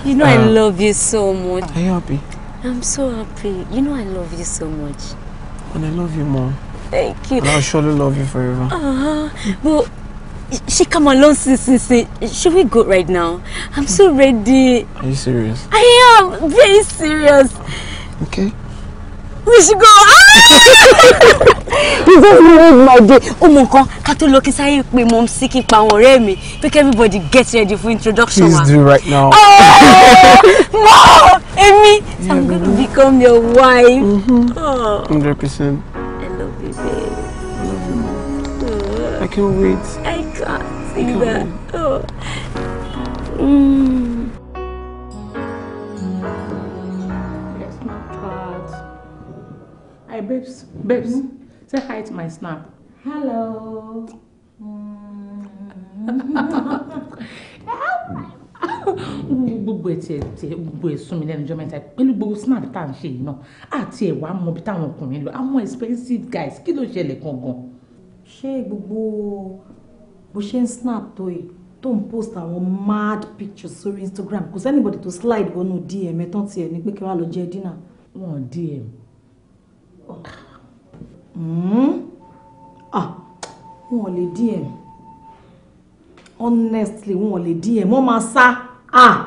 You know uh, I love you so much. Are you happy? I'm so happy. You know I love you so much. And I love you more. Thank you. And I'll surely love you forever. Uh, huh. but she come along since, since, Should we go right now? I'm so ready. Are you serious? I am very serious. Okay. We should go. Ah! you don't ruin my day. Oh my God! tó lọ kí sáyé pé mò ń sí kí everybody get ready for introduction Please do right now. Oh, mom! Emmy, yeah, I'm going to become your wife. Mm-hmm. Oh. 100%. I love you, babe. I love you, mom. Oh. I can't wait. I can't see I can't that. Wait. Oh. Mm. Hi, babes. Babes, mm -hmm. say hi to my snap. Hello. Mm -hmm. gbogbo ẹtì ẹtì gbogbo ẹsùn mi lẹ́nu ọjọ́ mẹ́ta pẹ̀lú gbogbo snap tá à ń ṣe yìí náà àti ẹwà mọ bí táwọn ọkùnrin lọ àwọn expensive guys kí ló ṣẹlẹ̀ gangan. ṣé gbogbo bó ṣe ń snap tó yìí tó ń post àwọn mad pictures sórí Instagram kò sẹ́nibọ̀dì tó slide wọnú DM ẹ̀ tán tiẹ̀ ní pé kí wàá lọ jẹ dínà. wọn DM. Hmm? Ah, wọn ò lè DM honestly wọn lè dín ẹ̀ wọ́n máa sá à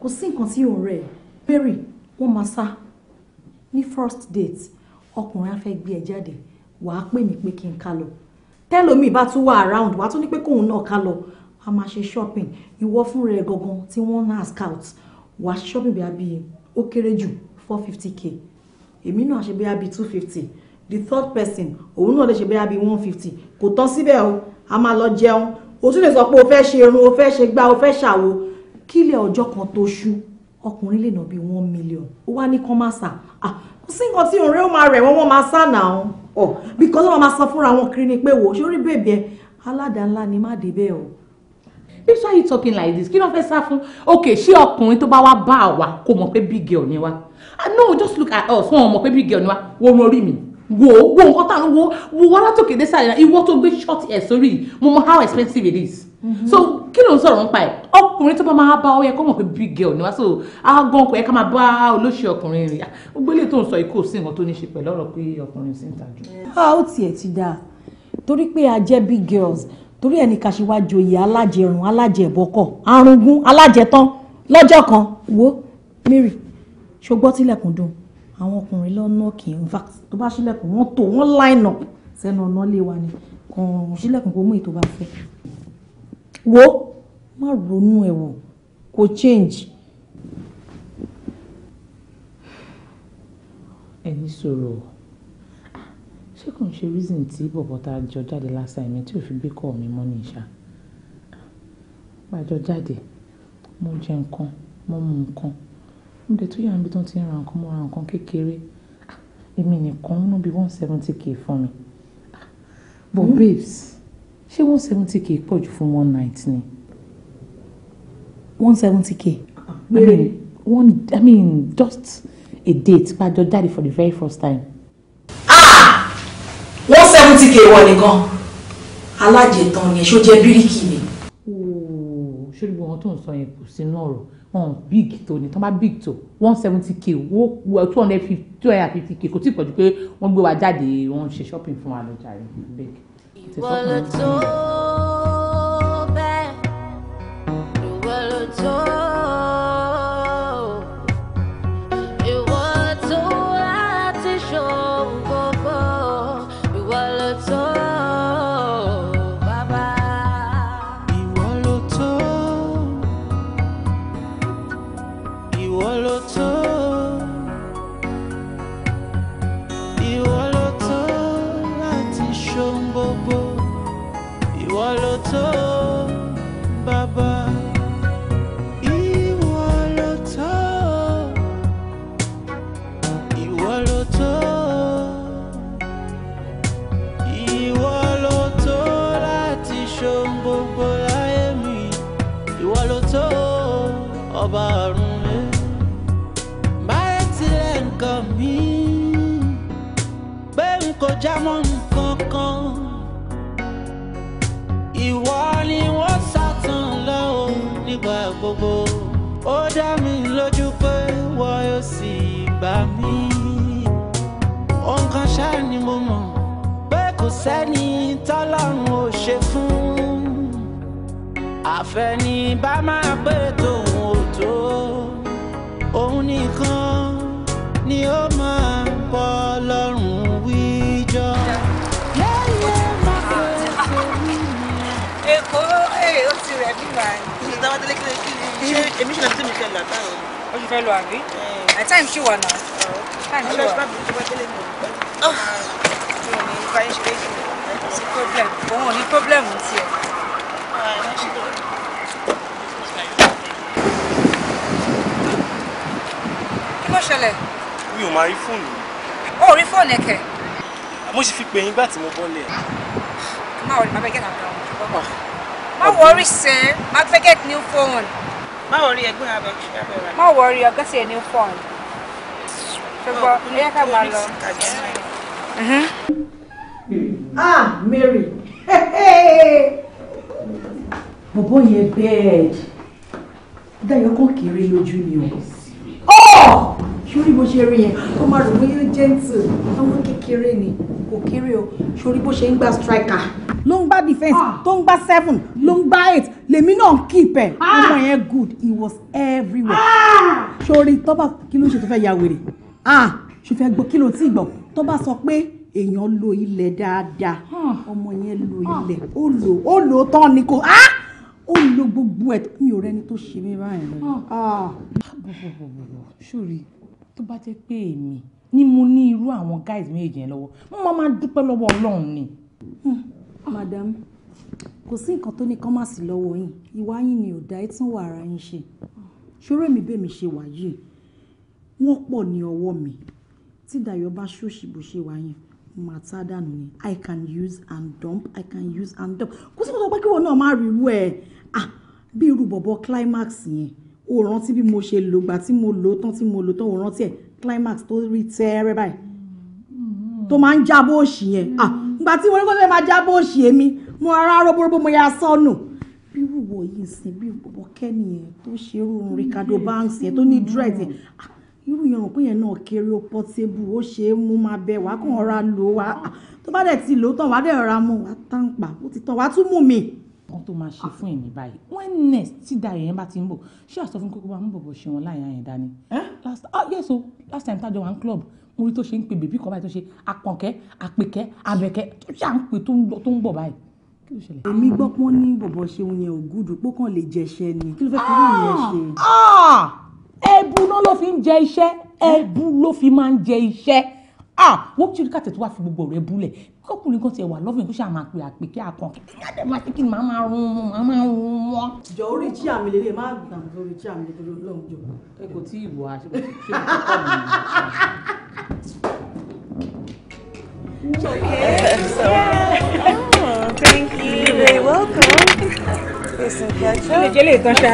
kò sí nǹkan tí yóò rẹ̀ Perry wọ́n máa sá ní first date ọkùnrin á fẹ́ gbé ẹ jáde wàá pè mí pé kí n ká lọ tẹ́lómi bá tún wà around wàá tún ní pé kóun náà ká lọ a máa ṣe shopping ìwọ fún rẹ gangan tí wọ́n ń scout wàá ṣe shopping bí abiyẹ ó kéré jù four fifty k èmi náà ṣe bí abiyẹ two fifty the third person òun náà lè ṣe bí abiyẹ one fifty kò tán síbẹ̀ o a máa lọ jẹun o tún lè sọ pé o fe ṣe irun o fe ṣe gbá o fẹ́ ṣàwo kílẹ̀ ọjọ́ kan tó ṣú ọkùnrin lè nà bí one million ó wá ní kán má sà kò sí nǹkan tí òun rẹ̀ ó máa rẹ̀ wọ́n wọ́n máa sá nà án ọ̀ because wọ́n máa sọ fúnra wọn kiri ni pé wò ó sórí bèbí ẹ aládàá ni ma dé be o. this why you talking like this kí fe sa sá Okay, she ṣé ọkùnrin ba wa ba wa kó mọ̀ pé big girl ni wa Ah no just look at us wọn ò mọ̀ big girl ni wa wọ́n mọ̀ orí mi wo wo nǹkan tá à ń wo wo wá látòkè dé sáré ìwọ tó gbé short ẹ̀ sórí mo mọ how expensive it is. Mm-hmm. so kí ló ń sọ̀rọ̀ nípa ẹ̀ ọkùnrin tó bá máa bá ọ yẹ kó mọ̀ pé big girl ni wá so aago ọkùnrin ẹ̀ ká máa bá olóṣè ọkùnrin rìn gbélé tó ń sọ ikú sí nǹkan tó ní ṣe pẹ̀lú ọ̀rọ̀ pé ọkùnrin sì ń tàjú. a ó tiẹ̀ ti dáa torí pé a jẹ́ big girls torí ẹni ká ṣe wá joyè alájẹrun alájẹbọkọ arungun alájẹtán lọ́jọ́ kan wo Mary ṣogbọ́ tilẹ̀kùn dùn àwọn ọkùnrin lọ́nà kì í vax tó bá ṣílẹ̀kùn wọ́n tò wọ́n line up sẹ́nu ọ̀nà lè wà ní kàn ṣílẹ̀kùn kó mú èyí tó bá fẹ́ wo má ronú ẹ̀ wò kó change. ẹni sọ̀rọ̀ ṣé kò ń ṣe reason tí bọ̀bọ̀ tá a jọ jáde last time tí ò fi gbé kọ́ mi mọ́ ní ìṣá gbàjọ jáde mo jẹ nǹkan mo mu nǹkan mo dẹ̀ tún yà níbi tí wọ́n ti ń ra nǹkan mo ra nǹkan kékeré ah, èmi nìkan nínú bíi one seventy k fún mi ah, but hmm? babes ṣé one seventy k pọ̀ jù fún one night ni. one seventy k. wéré ah, ni one i mean just a date pàjọ jáde for the very first time. ah one seventy k wọ nìkan alájẹtàn yẹn ṣó jẹ bíríkì ni. ooo ṣé gbogbo ohun tó ń sọ yẹn kò sínú ọ̀rọ̀ um, big tó ni tó bá big tó one seventy k wo two hundred fifty two hundred fifty k kò tí ì pọ̀jù pé wọ́n gbé wa jáde wọ́n ṣe shopping fún wa lọ́jà rẹ̀ Big. ìwọ tó bẹ́ẹ̀ ìwọ ló tó. pè yín gbà tí mo bọ́lẹ̀. má wọrí má fẹ́ get another ah. one. má wọrí sẹ́ má fẹ́ get new phone. má worry, ẹgbẹ́ abẹ́ abẹ́ rẹ̀. má wọrí get a new phone. Oh, ṣùgbọ́n ẹ yẹ ká máa lọ. Mm-hmm. ah Mary bọ̀bọ̀ yẹn bẹ́ẹ̀ dáyọ̀ kò kéré lójú ni o oh! ṣé orí bó ṣe rí yẹn ó máa rò bóyá gentle ọmọ kékeré ni kò kéré o sórí bó ṣe ń gba striker. ló ń gba defence ah. tó ń gba seven ló ń gba eight lèmi náà ń keep ẹ ah. ọmọ yẹn good he was everywhere. Ah. sórí tọ́ba kí ló ń ṣe tó fẹ́ ya wèrè ṣe fẹ́ gbọ́ kí ló ti gbọ́ tọ́ba sọ pé èèyàn lo ilẹ̀ dáadáa hmm. ọmọ yẹn lo hmm. ilẹ̀ ó lò ó lò ó tán ni kò ó lo gbogbo ẹ̀ mi ò rẹ́ni tó ṣe mí báyìí. bọ̀bọ̀bọ̀bọ̀ hmm. sórí tó bá jẹ́ pé èmi ni mo ní irú àwọn guys méjì yẹn lọ́wọ́ mo máa máa dúpẹ́ lọ́wọ́ ọlọ́run ni. Hmm, madam kò sí nǹkan tó ní kán má sí lọ́wọ́ yín ìwà yín ni ò dá ẹ tún wà ara yín ṣe ṣòro èmi bẹ́ẹ̀ mi ṣe wà yìí wọ́n pọ̀ ní ọwọ́ mi tí Dayọ̀ bá ṣòṣì bó ṣe wà màá tá a dànù ni i can use and dump i can use and dump kò sí kó sọ pé kí wọn náà má rí irú ẹ̀ ah bí irú bọ̀bọ̀ climax yẹn o rántí bí mo ṣe lò tí mo lò tán tí mo lò tán o rántí ẹ̀ climax tó rí tẹ́ẹ́rẹ́ báyìí mm-hmm. tó máa ń jábọ́ òṣì yẹn ah mm-hmm. ìgbà tí mo ní kó tó máa jábọ́ òṣì èmi mo rárá roborobo mo yà sọnù bírú wo yìí sìn bí bọ̀bọ̀ kẹ́ni yẹn tó ṣe irú Ricardo Banks yẹn tó ní dread yẹn ah, irú yẹn òpin yẹn náà kéré ó pọ́tébù ó ṣe é mú máa bẹ wàá kàn ra lò wá ah, tó bá dẹ̀ ti lò ó tán wàá dẹ̀ ra mọ́ wàá tàǹpà ó ti tán wàá tún mú mi kan tó máa ṣe ah. fún ẹ̀mí báyìí when next tí Dayọ̀ yẹn bá ti ń bọ̀ ṣé àsọ fún kókó wa ń bọ̀bọ̀ ṣe wọn láyà yẹn dání. last ah yes o last time tájọ wà ní club mo rí tó ṣe ń pe bèbí kan báyìí tó ṣe àpọ̀nkẹ́ àpèkẹ́ àbẹ̀kẹ́ tó ṣe à ń pè tó ń bọ̀ báyìí kí ló ṣẹlẹ̀. èmi gbọ́ pọ́n ní bọ̀bọ̀ ṣe òun yẹn ò gúdù pó kàn lè jẹṣẹ́ ni kí ló fẹ́ fi ah! rí ìyẹn ṣe. Ah! ẹ̀bù náà ló fi ń jẹ iṣẹ́ ẹ̀bù ló fi máa ń jẹ iṣẹ́ ah wọ́n tí olùkà tètè wá fi gbogbo ọ̀rẹ́ búlẹ̀ kí ọkùnrin kan tiẹ̀ wà lọ́fìn kó ṣáà máa pè àpè kí àkàn kí ní máa ṣe kí ni màá máa rún un màá máa rún un wọn. jọ orí tí àmì lè lè má gbà lórí tí àmì lè lè lọ́n jọ. ẹ kò tí ì wọ aṣọ ṣé kọ́ mi. Thank you. You're welcome. Lè lè tán ṣá.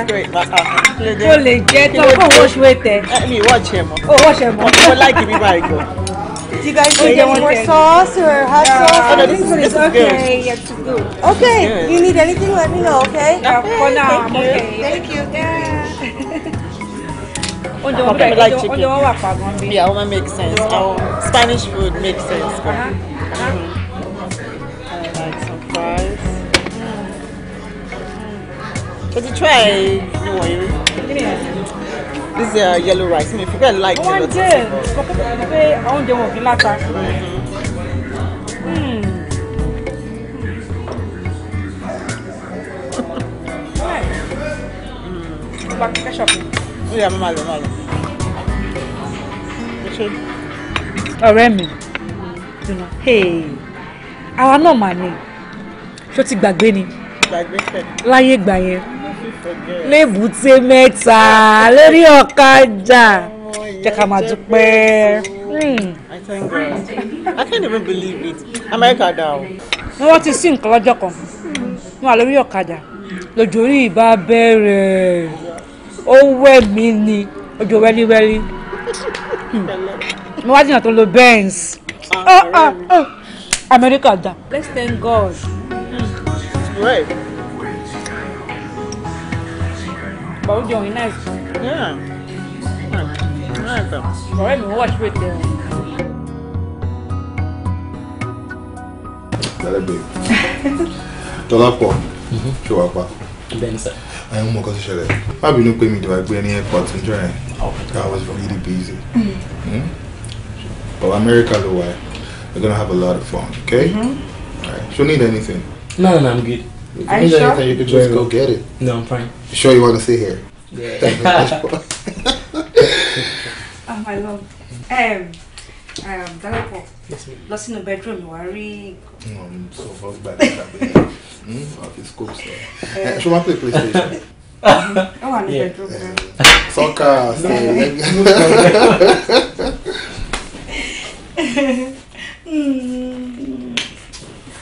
Ó lè jẹ́ tán kó wọ́ṣù ètè. Eh, mi ì wọ́ọ̀ṣẹ̀ mọ́. Ó wọ́ọ̀ṣẹ̀ mọ́. Mo láìkí bíbá ìgò. You guys need any more sauce or hot sauce? Oh, no, this is, this is okay. Good. Yeah, it's good. Okay, good. you need anything, let me know, okay? No, okay. for now, I'm okay. Thank you. Although yeah. I like chicken. Yeah, I want to make sense. Um, Spanish food makes sense. Uh -huh. Uh -huh. I like some fries. Mm. But you try, no worry. Give me this uh, yellow rice Me forget bẹ́ẹ̀ like yellow rice. wọ́n jẹ́ kọ́kọ́ pé oúnjẹ wọn kì í láta. Oya máa lọ máa lọ. Ọ̀rẹ́ mi, àwa náà mà ní, ṣó ti gbàgbé ni láyé gbà yẹn lébùté mẹ́ta lórí ọ̀kadà jẹ́ ká máa dúpẹ́. Hmm. I can't even believe it. America dà o. wọ́n ti sí nǹkan lọ́jọ́ kan wọ́n wà lórí ọ̀kadà lójú orí ìbá bẹ̀rẹ̀ ó wẹ̀ mí ni ojú wẹ́líwẹ́lí mo wá jìnnà tó lo Benz. Ah, ah, ah, America dà. Let's thank God. Right. But you're nice. Yeah. Nice. Nice. Alright, watch with them. Tẹ́lẹ̀ bẹ́ẹ̀. Tọ́lápọ̀. Ṣé mhm. wàá pa? sir. Àwọn ọmọ kan ti ṣẹlẹ̀. Má bínú pé mi ìjọba gbé ní airport ń jọ yẹn. I was really busy. But mm-hmm. hmm? America ló wà. We're gonna have a lot of fun, okay? Mm-hmm. right. She'll need anything. No, no, no, I'm good. Are you sure? you could just go get it. No, I'm fine. You sure you want to sit here? Yeah. oh my love. Um, um, Dalapo. Yes, ma'am. in the bedroom, wá rí. No, mm, I'm so fucked by that. Hmm, office cool stuff. Uh, Show my play PlayStation. Oh, I'm in yeah. bedroom. Yeah. Eh, soccer. Hmm.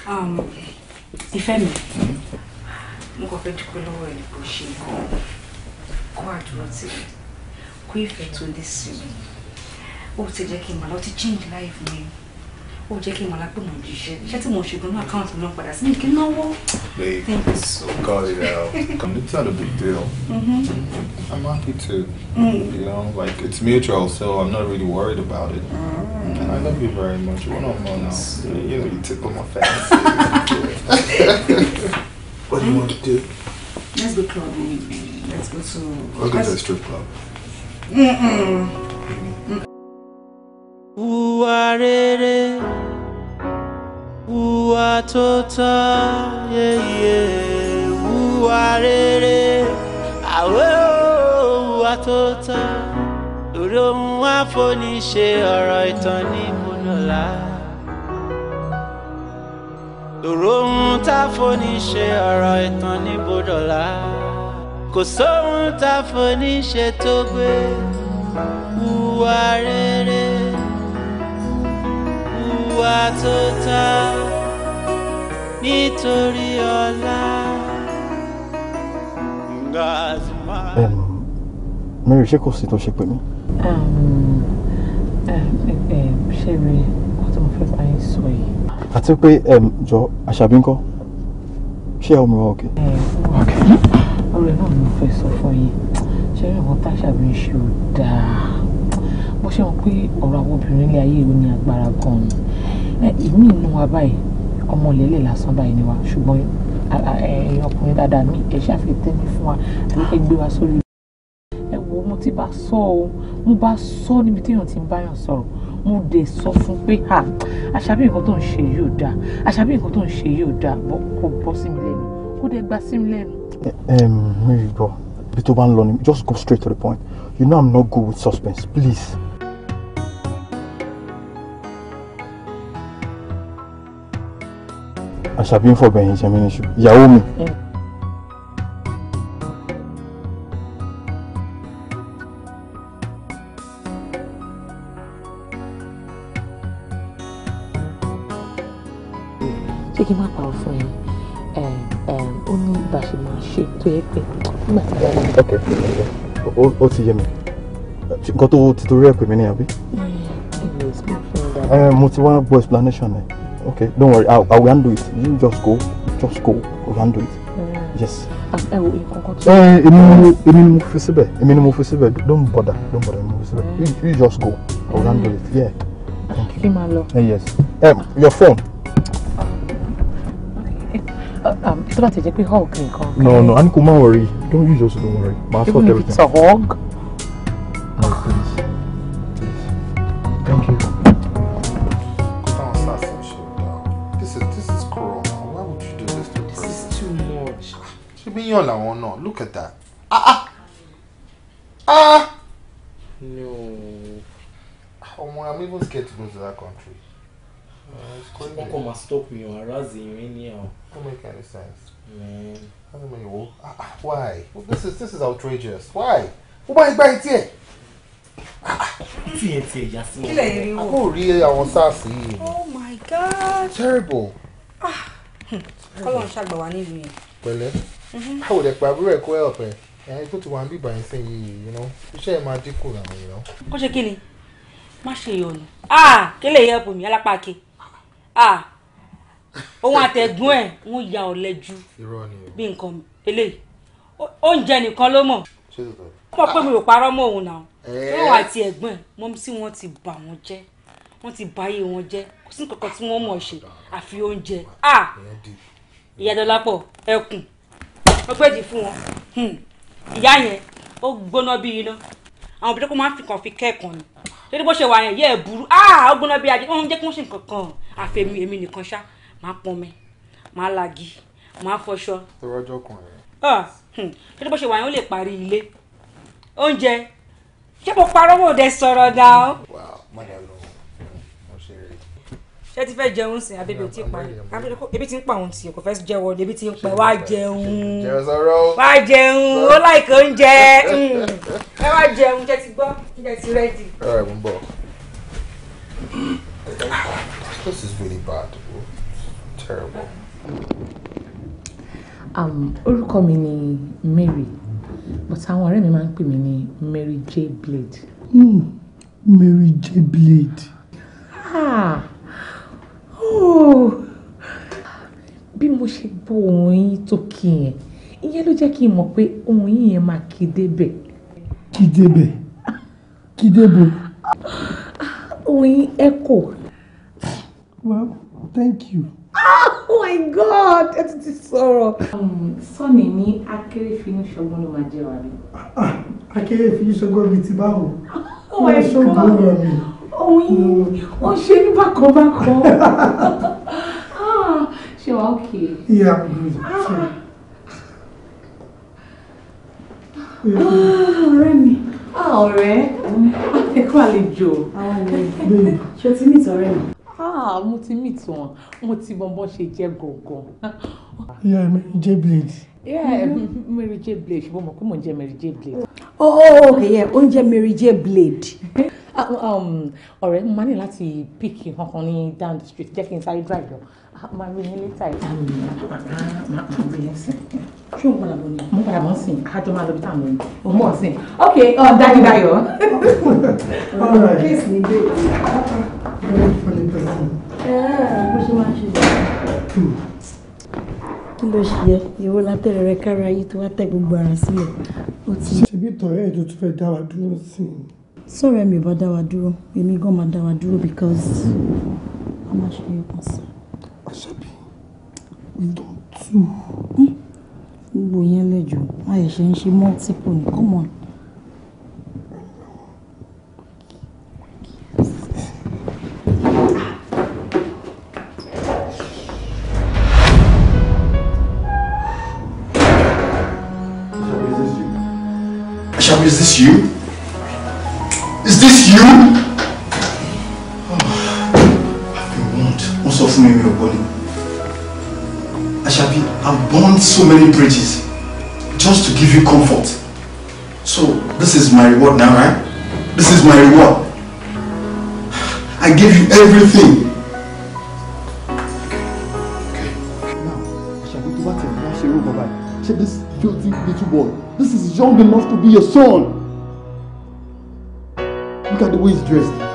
um ìfẹ́ mi mo kàn fẹ́ dúpẹ́ lọ́wọ́ ẹ̀ bó ṣe kọ́ kó àdúrà tì mí kó ìfẹ́ tó lé sí mi ó ti jẹ́ kí n mọ̀ lọ́ọ́ change life mi. ó jẹ́ kí n mọ̀lá pé mò ń jíṣẹ́ iṣẹ́ tí mo ṣe gan-an àkáǹtì mi náà padà sí ní kí n jise ise ti mo se gan an akanti mi naa pada si ki n Thank you so much. Got it out. It's not a big deal. mm I'm happy to. Mm. You know, like it's mutual, so I'm not really worried about it. Mm. And I love you very much. One on one now. You know, you tickle my face. What do you want to do? Let's go clubbing. Let's go to. Let's go to strip club. Mm-mm. Hùwà uwatota, hùwà tó tọ́, yeye, hùwà rere, àwẹ̀ hùwà tó tọ́, torí ohun àfoníṣe ọ̀rọ̀ ìtàn ní Bùnọ́lá. Torí ohun táfoníṣe ọ̀rọ̀ ìtàn ní Bùnọ́lá. Kò sóhun táfoníṣe tó gbé, hùwà rere ìwà tó ta nítorí ọlá. Mary ṣé kò sí tó ṣe pè mí. ṣé mi kò tó fẹ́ bá yín sọ yìí. àti pé jọ àṣàbí ńkọ́ ṣé ẹ ọmọ ọkẹ. ọ̀rẹ́ náà ni mo fẹ́ sọ fún yín ṣé rí àwọn táṣàbí ń ṣe ò dáa mo ṣe wọn pé ọ̀rọ̀ àwọn obìnrin ilé ayé ìlú ní agbára gan-an ìmí inú wa báyìí ọmọ lélẹ̀ lásán báyìí ni wa ṣùgbọ́n ẹ̀yin ọkùnrin dáadáa mi ẹ̀ ṣàfi tẹ́mi fún wa àbí gbé wa sórí ẹ wo mo ti bá sọ o mo bá sọ níbi téèyàn ti ń báyàn sọ̀rọ̀ mo dẹ̀ sọ fún pé ha àṣàbí nǹkan tó ń ṣe yóò dáa àṣàbí nǹkan tó ń ṣe yóò dáa kò bọ́ sí mi lẹ́nu kó dẹ̀ gbá sí mi lẹ́nu. ẹ ẹ mi rí bọ bí tó bá ń lọ ni just go straight to the point you know i'm not good with suspense please. àṣàbí ń fọ̀bẹ̀ yín ṣe mí níṣu ìyàwó mi. ṣé kí n má parọ́ fún yín ó ní bá máa ṣe tó yẹ pé nígbà tí wọ́n rí. ok ó ti yé mi nǹkan tó ti torí ẹ̀ pè mí ni àbí. Mm, mo ti wá gbọ́ explanation ẹ̀. Okay, don't worry. I'll, I'll handle it. You just go. Just go. I'll handle it. Mm. Yes. Ah, eh, èmi ni mo fi síbẹ̀. Èmi ni mo fi síbẹ̀. Don't bother. Don't bother. Mo fi You, you just go. I'll mm. handle it. Yeah. Thank you. Uh, yes. Um, your phone. Ah, um, so that you can No, no. And come on, worry. Don't you just don't worry. Ma sort everything. Even if it's a hog. to that country. wọ́n uh, kọ́ máa stop yan aráàzì yẹn ní àwọn. make any sense. Mm. I don't know, why well, this is this is outrageous why Who bá igba etí ẹ̀. tí yẹn ti ẹ̀yà sí oh my god. terrible. kọ́lọ̀ ah. ń ṣàgbà wá nílùú yẹn. pẹ̀lẹ́ báwo lẹ pa àbúrò ẹ̀ kó help ẹ̀ ẹ̀yin tó ti wà ń bíbà you know, yìí share ẹ̀ máa dínkù làwọn yìí. kó ṣe kí ni má ah kí lè yẹ kò mí alápàkè ah òun àtẹ̀gbọ́n ẹ̀ wọ́n ya ọ̀lẹ ju bí nǹkan eléyìí oúnjẹ nìkan ló mọ̀ ó mọ̀ pé mi ò parọ́ mọ́ òun náà lóun àti ẹ̀gbọ́n ẹ̀ mọ́ sí wọn ti bà wọ́n jẹ́ wọ́n ti bà ayé wọn jẹ́ kò sí nǹkan kan tí wọ́n mọ̀ ṣe àfi oúnjẹ ah ìyá dọ́lápọ̀ ẹkùn ọgbẹ́dì fún wọn hmm. ìyá yẹn ó gbóná bí iná àwọn òbí tó kọ́ máa ń fi kàn fi kẹ́ẹ̀kan ni torí bó ṣe wà yẹn yẹ ẹ burú ah bíi ajé ń jẹ́ kí wọ́n ṣe èmi nìkan ṣá máa pọn máa lagi máa fọṣọ. tọrọjọ kan rẹ. Ah, hmm. torí bó ṣe wà yẹn ó lè parí ilé oúnjẹ ṣé mo parọ́ mọ́ ò sọ̀rọ̀ náà. wà á má dà lọ ṣé ti fẹ́ jẹun sìn àbí ebi ti pa ebi ti ń pa òun tì kò fẹ́ jẹ́wọ́ ebi ti ń pẹ́ wá jẹun wá jẹun ó láìka oúnjẹ hmm. ẹ wá jẹun jẹ ti gbọ́ jẹ ti rẹ́dì. ọ̀rọ̀ ẹ̀ ń bọ̀ this is really bad terrible. Um, orúkọ mi ni Mary but àwọn ọ̀rẹ́ mi máa ń pè mí ní Mary J Blade. Mm, Mary J Blade. Ah bí mo ṣe gbọ́ ohùn yín tó kí yẹn ìyẹn ló jẹ́ kí n mọ̀ pé ohùn yẹn máa kí débẹ̀. kí débẹ̀ kí débo. ohùn yín echo. well thank you. oh my god ẹ ti ti sọ̀rọ̀. Um, sọ́ọ̀nì ní akérèfínú ṣọgbọ́n ló máa jẹ́ wa rí. Ah, ah, akérèfínú ṣọgbọ́n bíi ti báwo. oh my god ohun o ó ṣe ní bákan bákan ṣe wà ókè. ìyá mi ọ̀rẹ́ mi ah, ọ̀rẹ́ akẹ́kọ̀ọ́ àlejò ṣe ti mìtì ọ̀rẹ́ mi. Ah, mo ti mìtì wọn mo ti bọ́nbọ́n ṣe jẹ́ gọ̀ọ̀gàn. ìyá mi jẹ́ blade. Yeah, Mary J Blade ṣùgbọ́n mo kó mò ń Mary J Blade. Oh, oh oh okay yeah oúnjẹ Mary J Blade ọ̀rẹ́ mo máa ní láti pick nǹkan ní down the street jẹ́ kí n sáré drive lọ máa rí yín létà ìta mi máa rí yín sìn ṣé òun padà bọ̀ ni mo padà bọ̀ ń sìn àjọ máa lọ bí táwọn ọ̀hún ò mọ̀ sìn ok dájú dayọ̀. ọ̀rọ̀ kéèsì ní bẹ́ẹ̀ very funny person. bó ṣe máa ń ṣe kí ló ṣe yẹ ìwọ látẹ̀rẹ̀ rẹ kára ayé tó wá tẹ gbogbo ara sílẹ̀. ṣebí tọ̀rẹ́ ẹ̀ ló tún fẹ́ dá wa dúró sí i sọ̀rọ̀ ẹ̀mí bá dá wa dúró èmi gan máa dá wa dúró because a máa ṣe é kan sí. àṣàbí don't do. Hmm? gbogbo yẹn lẹ́jọ́ ayẹ̀ ṣe ń ṣe multiple ni come on. Is this you? you. Oh, I've been warned. Wọ́n sọ fún mi mi ò gbọ́ ni. Ashabi, I've burned so many bridges just to give you comfort. So this is my reward now, right? This is my reward. I gave you everything. Okay, okay. Now, I shall Ashabi, this filthy little boy, this is young enough to be your son. Look at the way he's dressed.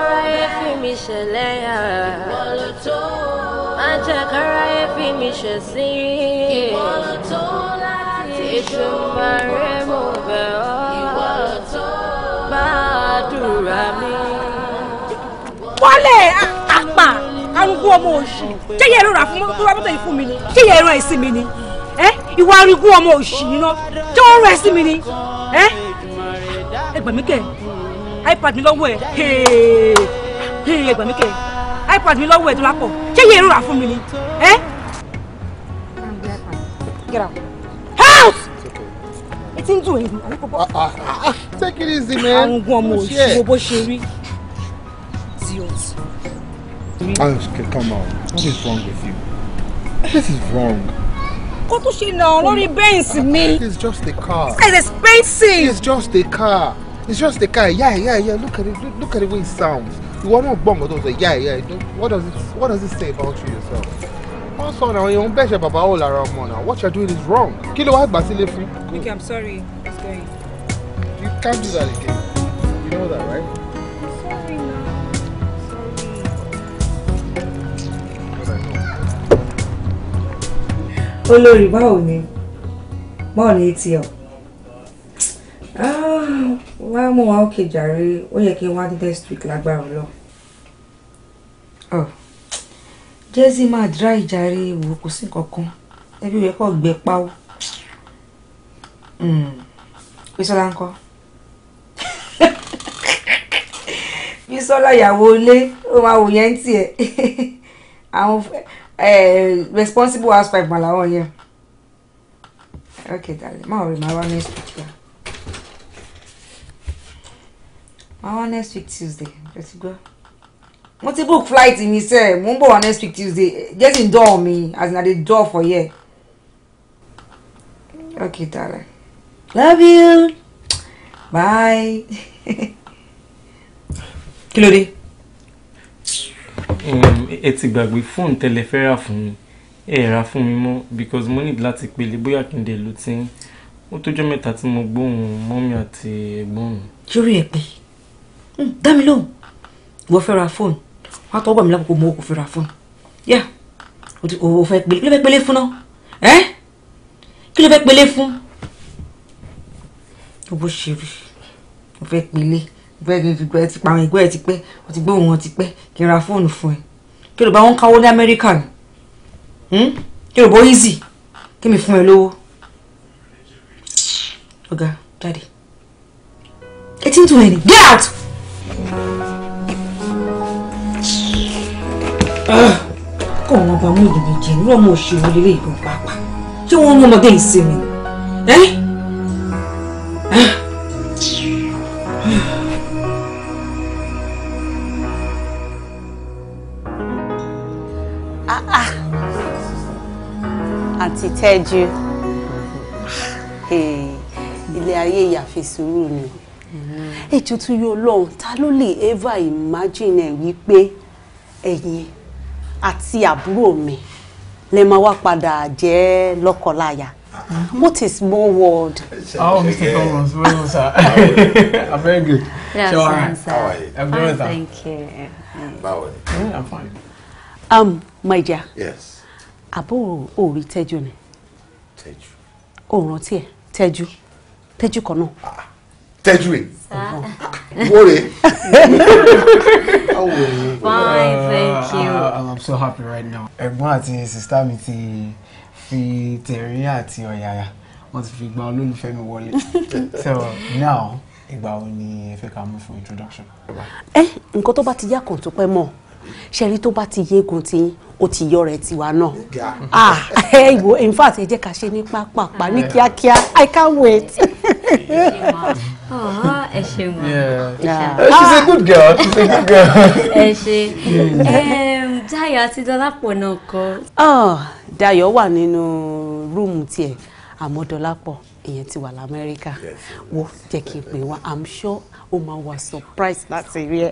káráyé fi mi ṣẹlẹ́yà. Ìwọ ló tó. Má jẹ́ mo bẹ̀ ọ́. Ìwọ ló tó. Bá a dùrà mí. Wálé àpà arúgbó ọmọ òṣì. Jẹ́yẹ̀ ẹ̀rọ rà fún mọ́tò wá mọ́tò yìí mi ni. Jẹ́yẹ̀ ẹ̀rọ ẹ̀sìn mi ni. Ìwà arúgbó ọmọ òṣì yìí ná. Jẹ́wọ́ rẹ̀ sí mi ni. Ẹgbẹ̀mí kẹ̀ ipad mi lọ́wọ́ ẹ̀ ẹgbà mi kẹ ipad mi lọ́wọ́ ẹ̀ tó lápọ̀ ṣé yẹ èrò rà fún mi ni ẹ. get out out etí ń dùn èyí àní kò bọ́. Ah, ah, ah, take it easy man. àwọn ogun ọmọ òṣù bó ṣe rí zeus. come on what is wrong with you this is wrong What tún ṣe know? Lori bẹ́ǹsì me. it's just a car. it's expensive. it's just a car it's just the guy yeah yeah yeah look at it look, look at the way it sounds ìwọ náà gbọ́ nǹkan tó sọ yeah yeah what does it what does it say about you yourself wọ́n sọ náà ìyẹn ń bẹ̀ṣẹ̀ bàbá ò lára what you're doing is wrong Kill ló wá gbà okay i'm sorry it's going. you can't do that again you know that right. i'm sorry na sorry. olórí báwo ni báwo ni etí ọ wá mú wa òkè jàre ó yẹ kí n wá ní next week lágbára ọlọ. Oh. jésì máa dra ìjàre ìwò kò sí kankan ẹbí rẹ kò gbẹ pawó. Bísọ́lá hmm. ń kọ́. Bísọ́lá ìyàwó ilé ó máa wò yẹn tiẹ̀ àwọn eh, responsible housewife mà yẹn. ok darling máa rí màá wá ní ìsúkúta. màá next week tuesday ẹ ti gbọ́ mo ti book flight mi sẹ mo ń bọ̀ wá next week tuesday jẹ́sì in door mi as in i dey dán for here okay darling love you bye. kí ló dé. Um, ẹ ti gbàgbé fóònù tẹ́lẹ̀ fẹ́ rà fún mi ẹ rà fún mi mọ́ because mo need láti pele bóyá kí n dẹ̀ lu tí ó tójọ́ mẹ́ta tí mo gbóhùn mọ́mí àti ẹ̀gbọ́n mi. sórí ẹ pé Mm, dá mi lóhùn wọ́n fẹ́ ra fóònù wọ́n á tọ́wọ́ mi lápapọ̀ mọ́ kò fẹ́ ra fóònù yá oh, o fẹ́ pélé kí ló fẹ́ pélé fún náà ẹ́ eh? kí ló fẹ́ pélé fún owó ṣe rí o fẹ́ pélé gbẹ́ gbẹ́ ti pa àwọn ẹgbẹ́ ẹ ti pẹ́ o ti gbé òun ọ ti pẹ́ kí n ra fóònù fún ẹ kí ló bá wọn káwó ní Amẹ́ríkà ni hmm? kí ló bó easy kí mi fún ẹ lówó ọ̀gá jáde etí ń tún ẹ ní get out. ọ̀nà bá mú ìdìbò jẹ ọmọ òṣèlú lélẹ̀ ìlú pàápàá tí wọ́n ń ọmọdé ìsinmi ah, ah. àti tẹ́jú ilé ayé ìyàfi sùúrù ni ètò tó yọ lọ́hùn ta ló lè ever imagine ẹ̀ wípé ẹ̀yin àti àbúrò mi lè máa wá padà jẹ́ lọ́kọláya mm-hmm. what is more world. oh mr thomas well done sir i'm very good. yes so, sir how are you. i'm fine thank you. báwo ni. fine. um my dear. yes. àbúrò òòrí tẹ́jú ni. tẹ́jú. òòrùn tiẹ̀ tẹ́jú tẹ́jú kan náà. Ah, tẹ́jú ẹ̀ wọ́n rẹ̀. Fine, uh, thank you. Uh, I'm so happy right now. Ẹ̀gbọ́n àti sista mi ti fi tẹ̀rín àti ọ̀yàyà wọ́n ti fi gba olólùfẹ́ mi wọlé. So now ìgbà wo ni ẹ fẹ́ ká mú fún introduction? Ẹ eh, nǹkan tó bá ti yá kàn tó pẹ́ mọ́ ṣẹ́rí tó bá ti yégun ti o ti yọ rẹ̀ tiwa náà ah ìwò in fact ẹ jẹ́ ká ṣe ní pápápá ní kíákíá I can't wait. ẹ ṣeun she's a ah. good girl she's a good girl. ẹ ṣe mm. Dayọ̀ àti Dọlápọ̀ náà kọ́. Ah, Dayọ̀ wà nínú rúùmù tiẹ̀ àmọ́ Dọlápọ̀ ìyẹn ti wà lamẹ́ríkà wo jẹ́ kí n pè wá i'm sure ó máa wà surprise láti rí ẹ.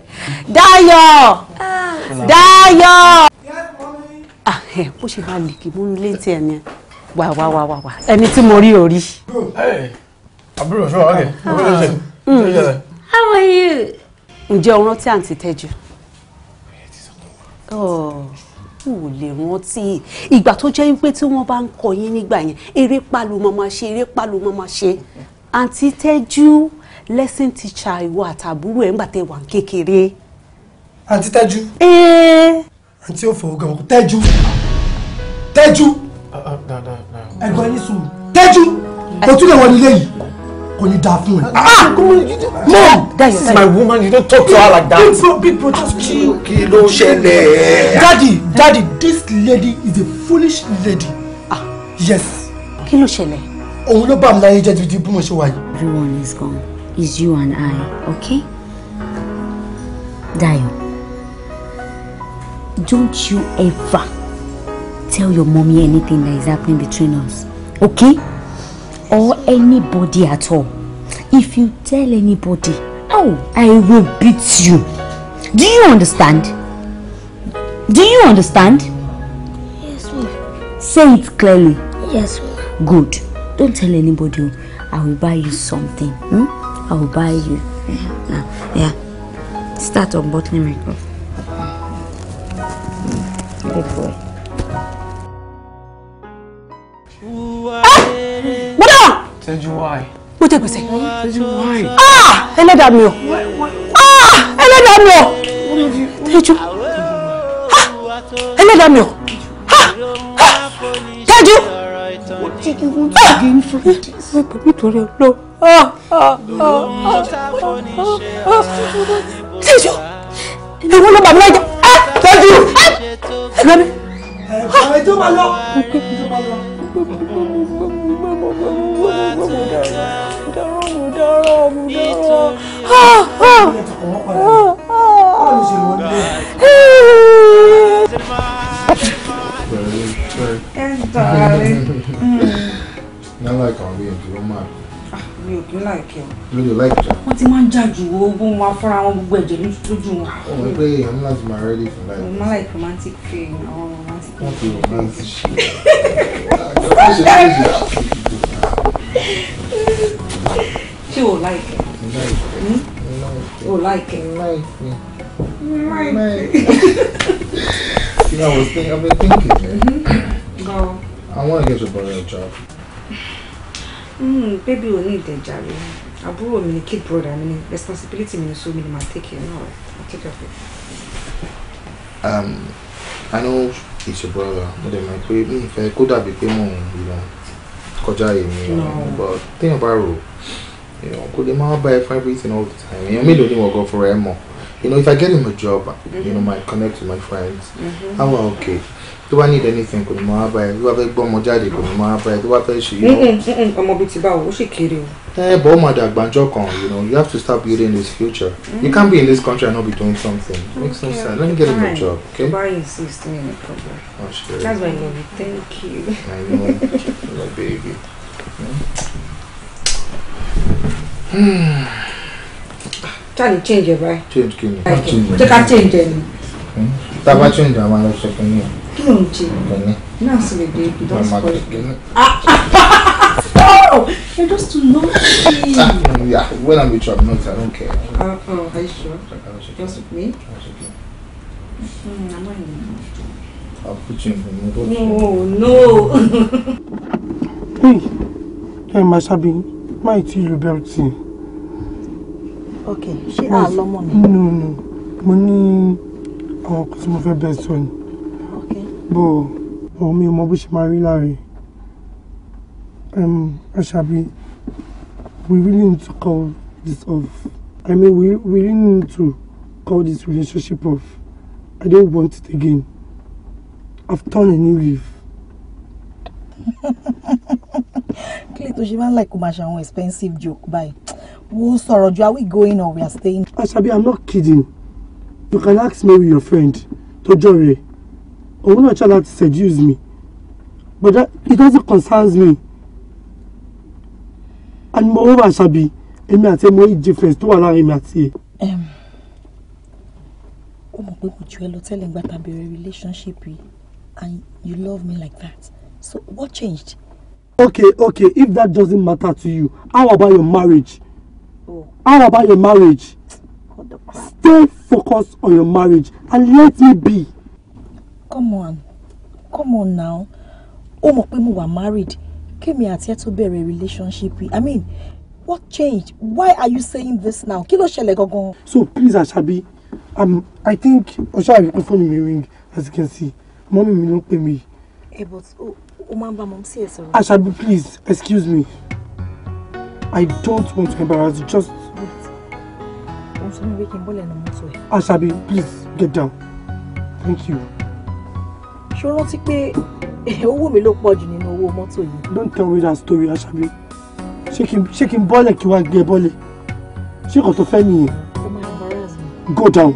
Dayọ̀ ah. Dayọ̀ ah, bó ṣe máa lè kí múnú létí ẹ ni wà wà wà wà wà ẹni tí mo rí ò rí. àbúrò ṣọwọ́ ọ̀kẹ́ ọ̀kẹ́ ṣe ah. ṣe. Mm. how are you. ǹjẹ́ o rántí àǹtí Tẹ́jú? Oh, kù lè rántí ìgbà tó jẹ́ wípé tí wọ́n bá ń kọ yín nígbà yẹn eré pálọ̀ mọ́ máa ṣe eré pálọ̀ mọ́ máa ṣe àǹtí Tẹ́jú lesson teacher ìwọ àtàbúrò ẹ̀ ńgbà tẹ wà kékeré. àǹtí tẹ́jú. Eh. àǹtí ò fọwọ́ gan tẹ́jú tẹ́jú ah, ah, ẹ̀gbọ́n yín sùn tẹ́jú kò tún lè wọ nílé yìí kò ní dáa fún ẹ. Ah! mom this is my woman you don't talk to her like that. big bro big bro just chill. kí ló ṣẹlẹ̀. daddy daddy this lady is a foolish lady. ah yes. kí ló ṣẹlẹ̀. òun ló bá mi láyé jẹ́ títí bí mo ṣe wà yìí. everyone is gone is you and I, okay? Dayo, don't you ever tell your mommy anything that is happening between us, okay? Or anybody at all. If you tell anybody, oh, I will beat you. Do you understand? Do you understand? Yes, ma'am. Say it clearly. Yes, ma'am. Good. Don't tell anybody. Oh. I will buy you something. Hmm? I will buy you. Now, yeah. Start unbottling my cup. Good mm. boy. Ah! Tẹ́jú why? Mo tẹ́ pèsè. Tẹ́jú why? Ah! Ẹlẹ́dàá mi o. Ah! Ẹlẹ́dàá mi o. Tẹ́jú. Ah! Ẹlẹ́dàá mi o. think you want to gain from this? My baby told you no. Tẹ́jú! Ìwọ ló bàbá ẹja! Ah, Tẹ́jú! Ẹ̀gbọ́n ah, mi! Ẹ̀gbọ́n ẹjọ́ máa lọ! Dáràn mú dáràn mú dáràn! Báwo ni ṣe wọlé? Yes, darling. Ní aláìka àwọn èèyàn tí wọ́n máa rí. Mi ò kí ń láìkẹ́ o. Lójú láìkẹ́. Wọ́n ti máa ń jàjù owó máa fọ́ra wọn gbogbo ẹ̀jẹ̀ lójú wọn. Ó mọ̀ pé èèyàn ní láti máa rẹ́dí fún láìpẹ́. Mo máa like romantic film, àwọn romantic film. Wọ́n like romance ṣe. Ṣé o láìkẹ́? Mo láìkẹ́. Hmm? O láìkẹ́? Mo láìkẹ́. Mo láìkẹ́. You know, I was thinking, I've been thinking. Eh? Mm-hmm. I want to get your brother a job. Mm, baby will need the job. I Àbúrò mi ni kid brother mi ni responsibility mi so mi ni take care No, I'll take care of it. Um, I know it's your brother, but then my pé mi fẹ́ kó dàbí pé you know kọjá èmi but think about it, you know, could bá ẹ fún everything all the time èèyàn mélòó ni wọ́n gan fúnra ẹ mọ̀ you know if I get him a job you know my mm-hmm. connect with my friends mm -hmm. I'm okay tó bá need anything kò ní mọ wá báyìí tó bá fẹ́ gbọ́ ọmọ jáde kò ní mọ wá báyìí tó bá fẹ́ ṣe yìí. Mm-hmm, mm-hmm. ọmọ bíi ti báwo ó sì kéré o. ẹ bọ́ ọmọ àdàgbà kan you know you have to start building this future mm. you can't be in this country and not be doing something okay, mm-hmm. makes no sense let me get him a job okay. bá insist me no problem oh, sure. that's why i love you thank you. i know my baby. Hmm. Charlie change your bike. Change kini. change, ká change ẹni. Hmm? Tá a bá change àwọn ọ̀sẹ̀ kan ní ọ̀ kí ló ń jẹ náà sì lè dé ibi tó ń sọ Oh, you're just too naughty. yeah, when I'm with you, I'm not. I don't care. Uh oh, are you sure? Just with me? I was okay. Mm, I'm not in I'll put you in the middle. No, no. hey, hey, my sabi, my tea you belt tea. Okay, ṣé àlọ́ mọ̀ ni? No, no, mo ní àwọn kan tí mo fẹ́ bẹ́ẹ̀ bó àwọn mi ò mọ bó ṣe máa rí láre àṣàbí we really need to call this off i mean we really need to call this relationship off i don't want it again i've turned a new leaf. kílè tó ṣe máa ń like kó máa ṣe àwọn expensive joke báyìí wo sọ̀rọ̀ ju are we going or we are staying. Asabi, i'm not kidding you can ask me with your friend tó jọ I òun náà try to seduce me but that, it doesn't concern me and moreover, mo over ṣàbí èmi àti ẹmọ yìí difference tó wà láàrin èmi àti ẹ. ó you pé kò ju ẹ lọ tẹ́lẹ̀ gba tàbí relationship and you love me like that so what changed. okay okay if that doesn't matter to you how about your marriage oh. how about your marriage stay focused on your marriage and let me be come on come on now ó mọ̀ pé mo wà married kémi àti ẹ̀ tó bẹ̀rẹ̀ relationship i mean what changed why are you saying this now kí ló ṣẹlẹ̀ gangan. so please asabi um, i think ọṣọ àbíkú fóònù mi ring as you can see mommy mi ló ń pè mí. Eh, but o máa ń bá mọ́mí sí ẹ̀ asabi please excuse me i don't want to embarrass you just. but asabi please get down thank you ṣó rántí pé eh, owó mi ló pọ̀ jù nínú owó mọ́tò yìí. don't tell me that story asabi ṣé kí n bọ́lẹ̀ kí wàá gbé bọ́lẹ̀ ṣé kò tó fẹ́ nìyẹn. me. go down.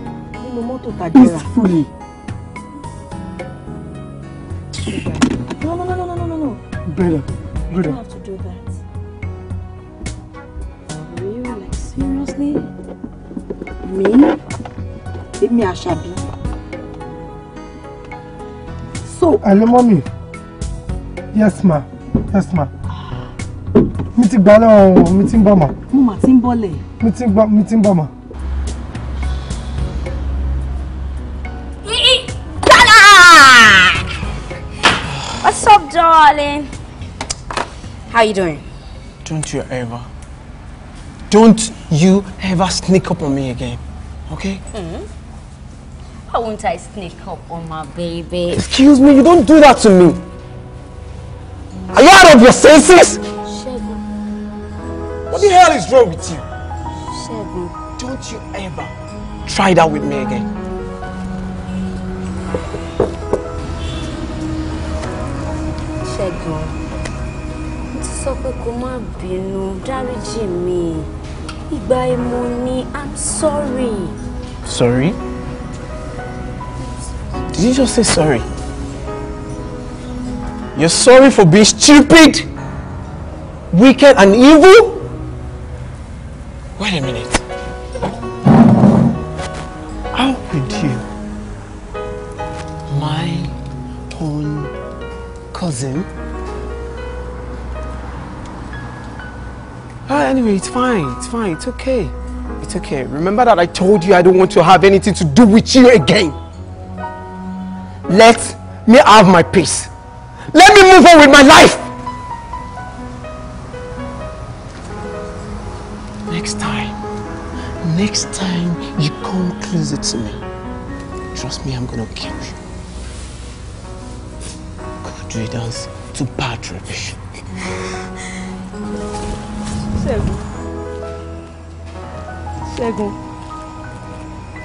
peacefully. no no no no no no no. brother brother. you don't have to do that. really like seriously me èmi àṣàbí so hello mommy yes ma yes ma mi ti gbà lọ́wọ́ mi ti ń bọ̀ ma. mo mà ti ń bọ̀lẹ̀. mi ti ń bọ̀ mi ti ń bọ̀ ma. What's up, darling? How you doing? Don't you ever, don't you ever sneak up on me again, okay? Mm -hmm. Why won't I sneak up on my baby? Excuse me, you don't do that to me. Are you out of your senses? Shegun. What the hell is wrong with you? Shegun. Don't you ever try that with me again. Ṣẹ́gun, mo ti sọ pé Jimmy. má bínú, dáríjì I'm sorry. Sorry? Did you just say sorry? You're sorry for being stupid, wicked, and evil? Wait a minute. How could you? My own cousin? Ah, anyway, it's fine. It's fine. It's okay. It's okay. Remember that I told you I don't want to have anything to do with you again. Let me have my peace. Let me move on with my life. Next time, next time you come closer to me, trust me, I'm gonna kill you. Good riddance to bad rubbish. Ṣẹ́gun. Ṣẹ́gun.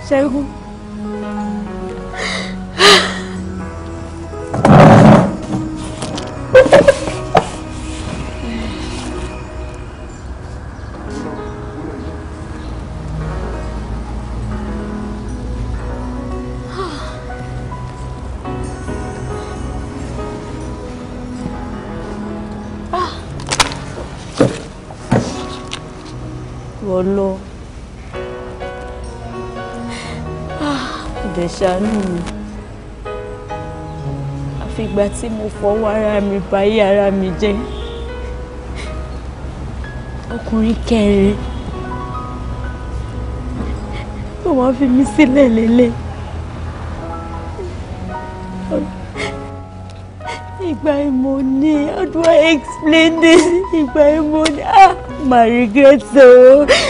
Ṣẹ́gun. ṣàánú mi àfìgbà tí mo fọwọ́ ara mi báyé ara mi jẹ́ ọkùnrin kẹrin tó wọ́n fi mí sílẹ̀ lélẹ̀ ìgbà ìmọ̀ ni how do I explain this ìgbà ìmọ̀ ni ah my regret ooo.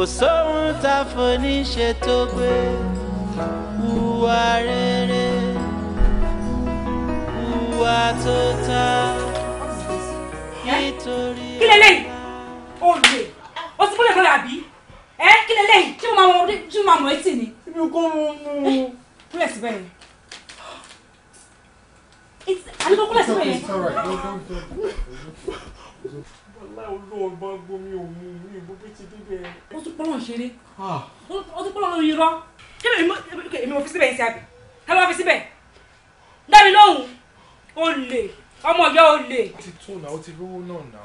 kò sóhun tá a foníṣe tó gbé hùwà rere hùwà tó ta nítorí. kí lélẹ́yìí olè o ti kúlẹ̀ lọ́la àbí ẹ kí lélẹ́yìí kí wọ́n máa mọ̀ kí wọ́n máa mọ̀ ẹ́ tì ibi kò mú un. kúlẹ̀ síbẹ̀ yẹn. It's, I don't know what olóògbọ́n gbomi òun mi ìbú bí ti bíbẹ̀. ó tún pọ́nlọ́ ṣeré ah. ó tún pọ́nlọ́ lórí irọ́ kí ni èmi mo fi síbẹ̀ ṣe àbí ẹ lọ́ọ́ fi síbẹ̀ dábì lóhùn ó lè ọmọ ìyá ó lè. ó ti tún náà ó ti lówó náà náà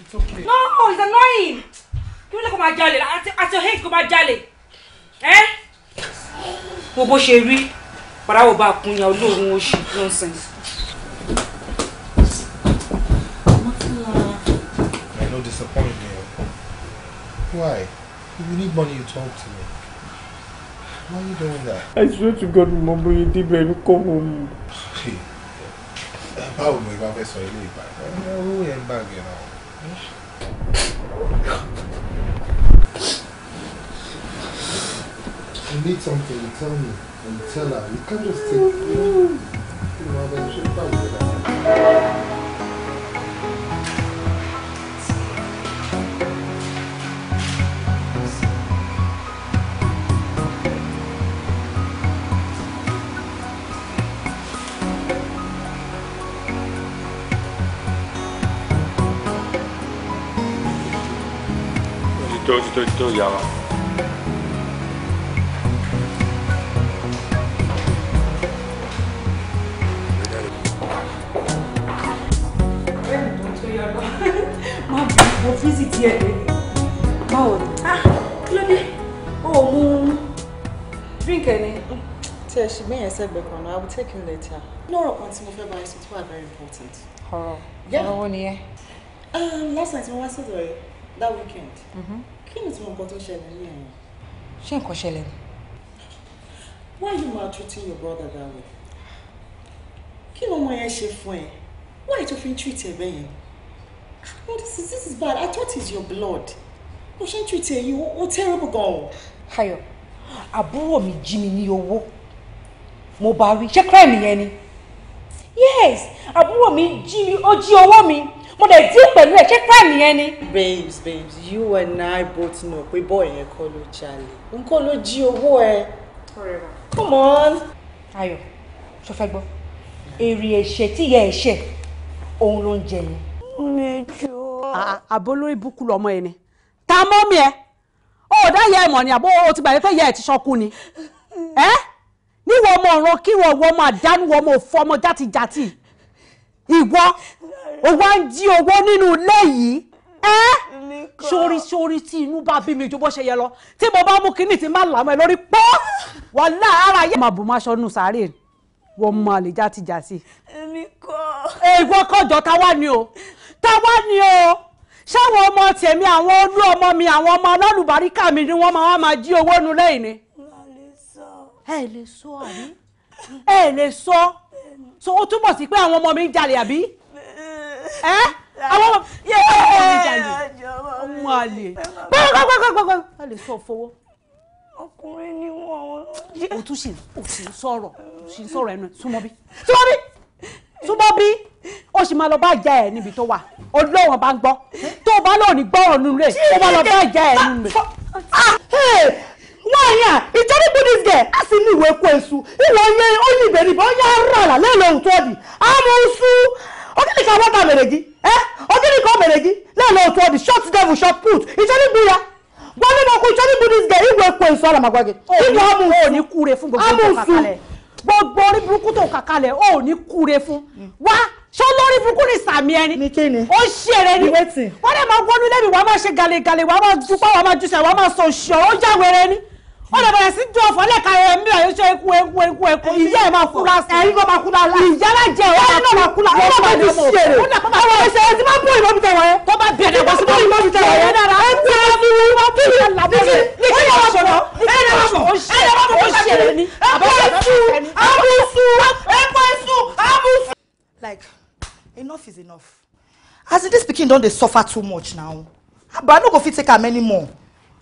it's okay. no oh, it's annoying kí wọ́n lè kó máa jalè àti ọ̀hìn kó máa jalè ẹ́ wo bó ṣe rí pàdáwò bá a kún ya olóògùn oṣù nonsense. Why? If you need money, you talk to me. Why are you doing that? I swear to God, Mom, you did baby, come home. Hey, báwo ni ìbá fẹ́ sọ ilé ìgbà? Owó yẹn ń bàgẹ̀ náà. You need something, you tell me, and tell her. You can't just take. You know, I'm sure you're tó ti tó ti tó ìyá wa. mo i will take him later. ní ọ̀rọ̀ kan tí mo fẹ́ bá very important. ọ̀rọ̀ ọ̀rọ̀ wo ni ẹ. Um, last night mo wá sọ̀dọ̀ rẹ̀ that weekend. Mm-hmm kí ni tí mo nǹkan tó ṣẹlẹ̀ ní ẹ̀yìn. ṣé nǹkan ṣẹlẹ̀ ni. why you are treating your brother that way. kí ló mọ yẹn ṣe fún ẹ why tó fi ń treat ẹ bẹ́ẹ̀ yẹn. no this is this is bad i thought it's your blood. mo ṣe ń treat ẹ yìí ó terrible gan. Ayọ̀ àbúrò mi jí mi ní owó mo bá rí ṣé crime yẹn ni yes àbúrò mi jí mi ó jí owó mi mo dẹ̀ dín pẹ̀lú ẹ̀ ṣé crime yẹn ni. babes babes you and I both know pé bọ́ọ̀ yẹn kọ́ ló jalè n kọ́ ló jí owó ẹ. come on. ayọ̀ so fẹ́ gbọ́ èrè ẹ̀ṣẹ̀ tí ìyá ẹ̀ṣẹ̀ òun ló ń jẹ yẹn. mẹjọ. àbólórí búkú lọmọ ẹ ni ta mọ́ mi ẹ o ò dá yẹ ẹ mọ̀ ni àbó o ti gbà pé yẹ ẹ ti sọkún ni ẹ níwọ̀ ọmọ ọ̀ràn kí wọ́n wọ́n máa dánú wọ́n mọ̀ fọ́ ọmọ játijàti ìwọ o wá ń jí owó nínú ilé yìí ẹ́ sórí sórí tí inú bá bí mi ju bó ṣe yẹ lọ tí mo bá mú kínní tí má làmọ́ ẹ lórí pọ́ wà láàárọ̀ ayé. màbù má ṣọ́nù sáré wọ́n mọ àlè játijàti. èmi kọ́. ìwọ kọjọ táwa ni o táwa ni o ṣáwọn ọmọ tèmi àwọn olú ọmọ mi àwọn ọmọ alálùbáríkà mi ni wọ́n máa wá máa jí owó nulẹ̀ yìí ni. ẹ lè sọ àbí ẹ lè sọ so o túbọ̀ sí pé àwọn ọmọ mi ń jalè àbí ẹ àwọn ọmọ yẹ àwọn ọmọ mi jalè ọmọ àlè pẹ́ẹ́pẹ́ẹ́pẹ́ẹ́pẹ́ a lè sọ fowó. ọkùnrin ni wọn. o tún sì o sì ń sọ̀rọ̀ o sì ń sọ̀rọ̀ ẹnu ẹ̀ súnmọ́ bí súnmọ́ bí súnmọ́ bí ó sì máa lọ bá ìjà ẹ̀ níbi tó wà ọlọ́wọ́n bá ń gbọ́ tó o bá lọ ní gbọ́ ọ̀nù rẹ̀ tó o bá lọ bá ìjà ẹ̀ nínú rẹ̀. nwaanyị a ị chọrọ ịbụ dis a sị iwe ekwensu onye onye iberibe onye arụ ala lelee otu ọ dị amụsụ ogịnị ka nwata mere gị ee eh? ogịnị ka mere gị lelee otu ọ dị shot devil put ị chọrọ ya gwa ọkụ ị chọrọ gị gbogbo orí burúkú tó kà kalẹ̀ ó ní kúre fún ṣó lórí burúkú sàmì ẹni ó ni wọ́n dẹ̀ máa gbọ́nú lẹ́bi wàá máa ṣe galegale wàá ó lè bẹ̀rẹ̀ sí jó ọ̀fọ̀ lẹ́ka ẹ̀ mi ẹ̀ ṣe eku eku eku eku ìyá ẹ̀ máa kúra sí. ẹ̀yin ló máa kúra la. ìyá la jẹ ọ̀ ẹ̀ náà máa kúra. ó lọ́ọ́ bá ti ṣèrè. ọmọ ẹ̀ ṣe máa bú ìmọ̀ bìtẹ̀ wọ̀nyẹn. tó bá bẹ̀rẹ̀ wá sí bú ìmọ̀ bìtẹ̀ wọ̀nyẹn. ẹ̀ máa fi wú wá kí ìyá làbẹ̀ rẹ̀. ó yẹ wá sọ̀rọ̀ ẹ̀ yẹ wá sọ̀rọ̀ ẹ̀ yẹ wá sọ̀rọ̀ like enough is enough as this pikin don dey suffer too much now but i no go fit take am anymore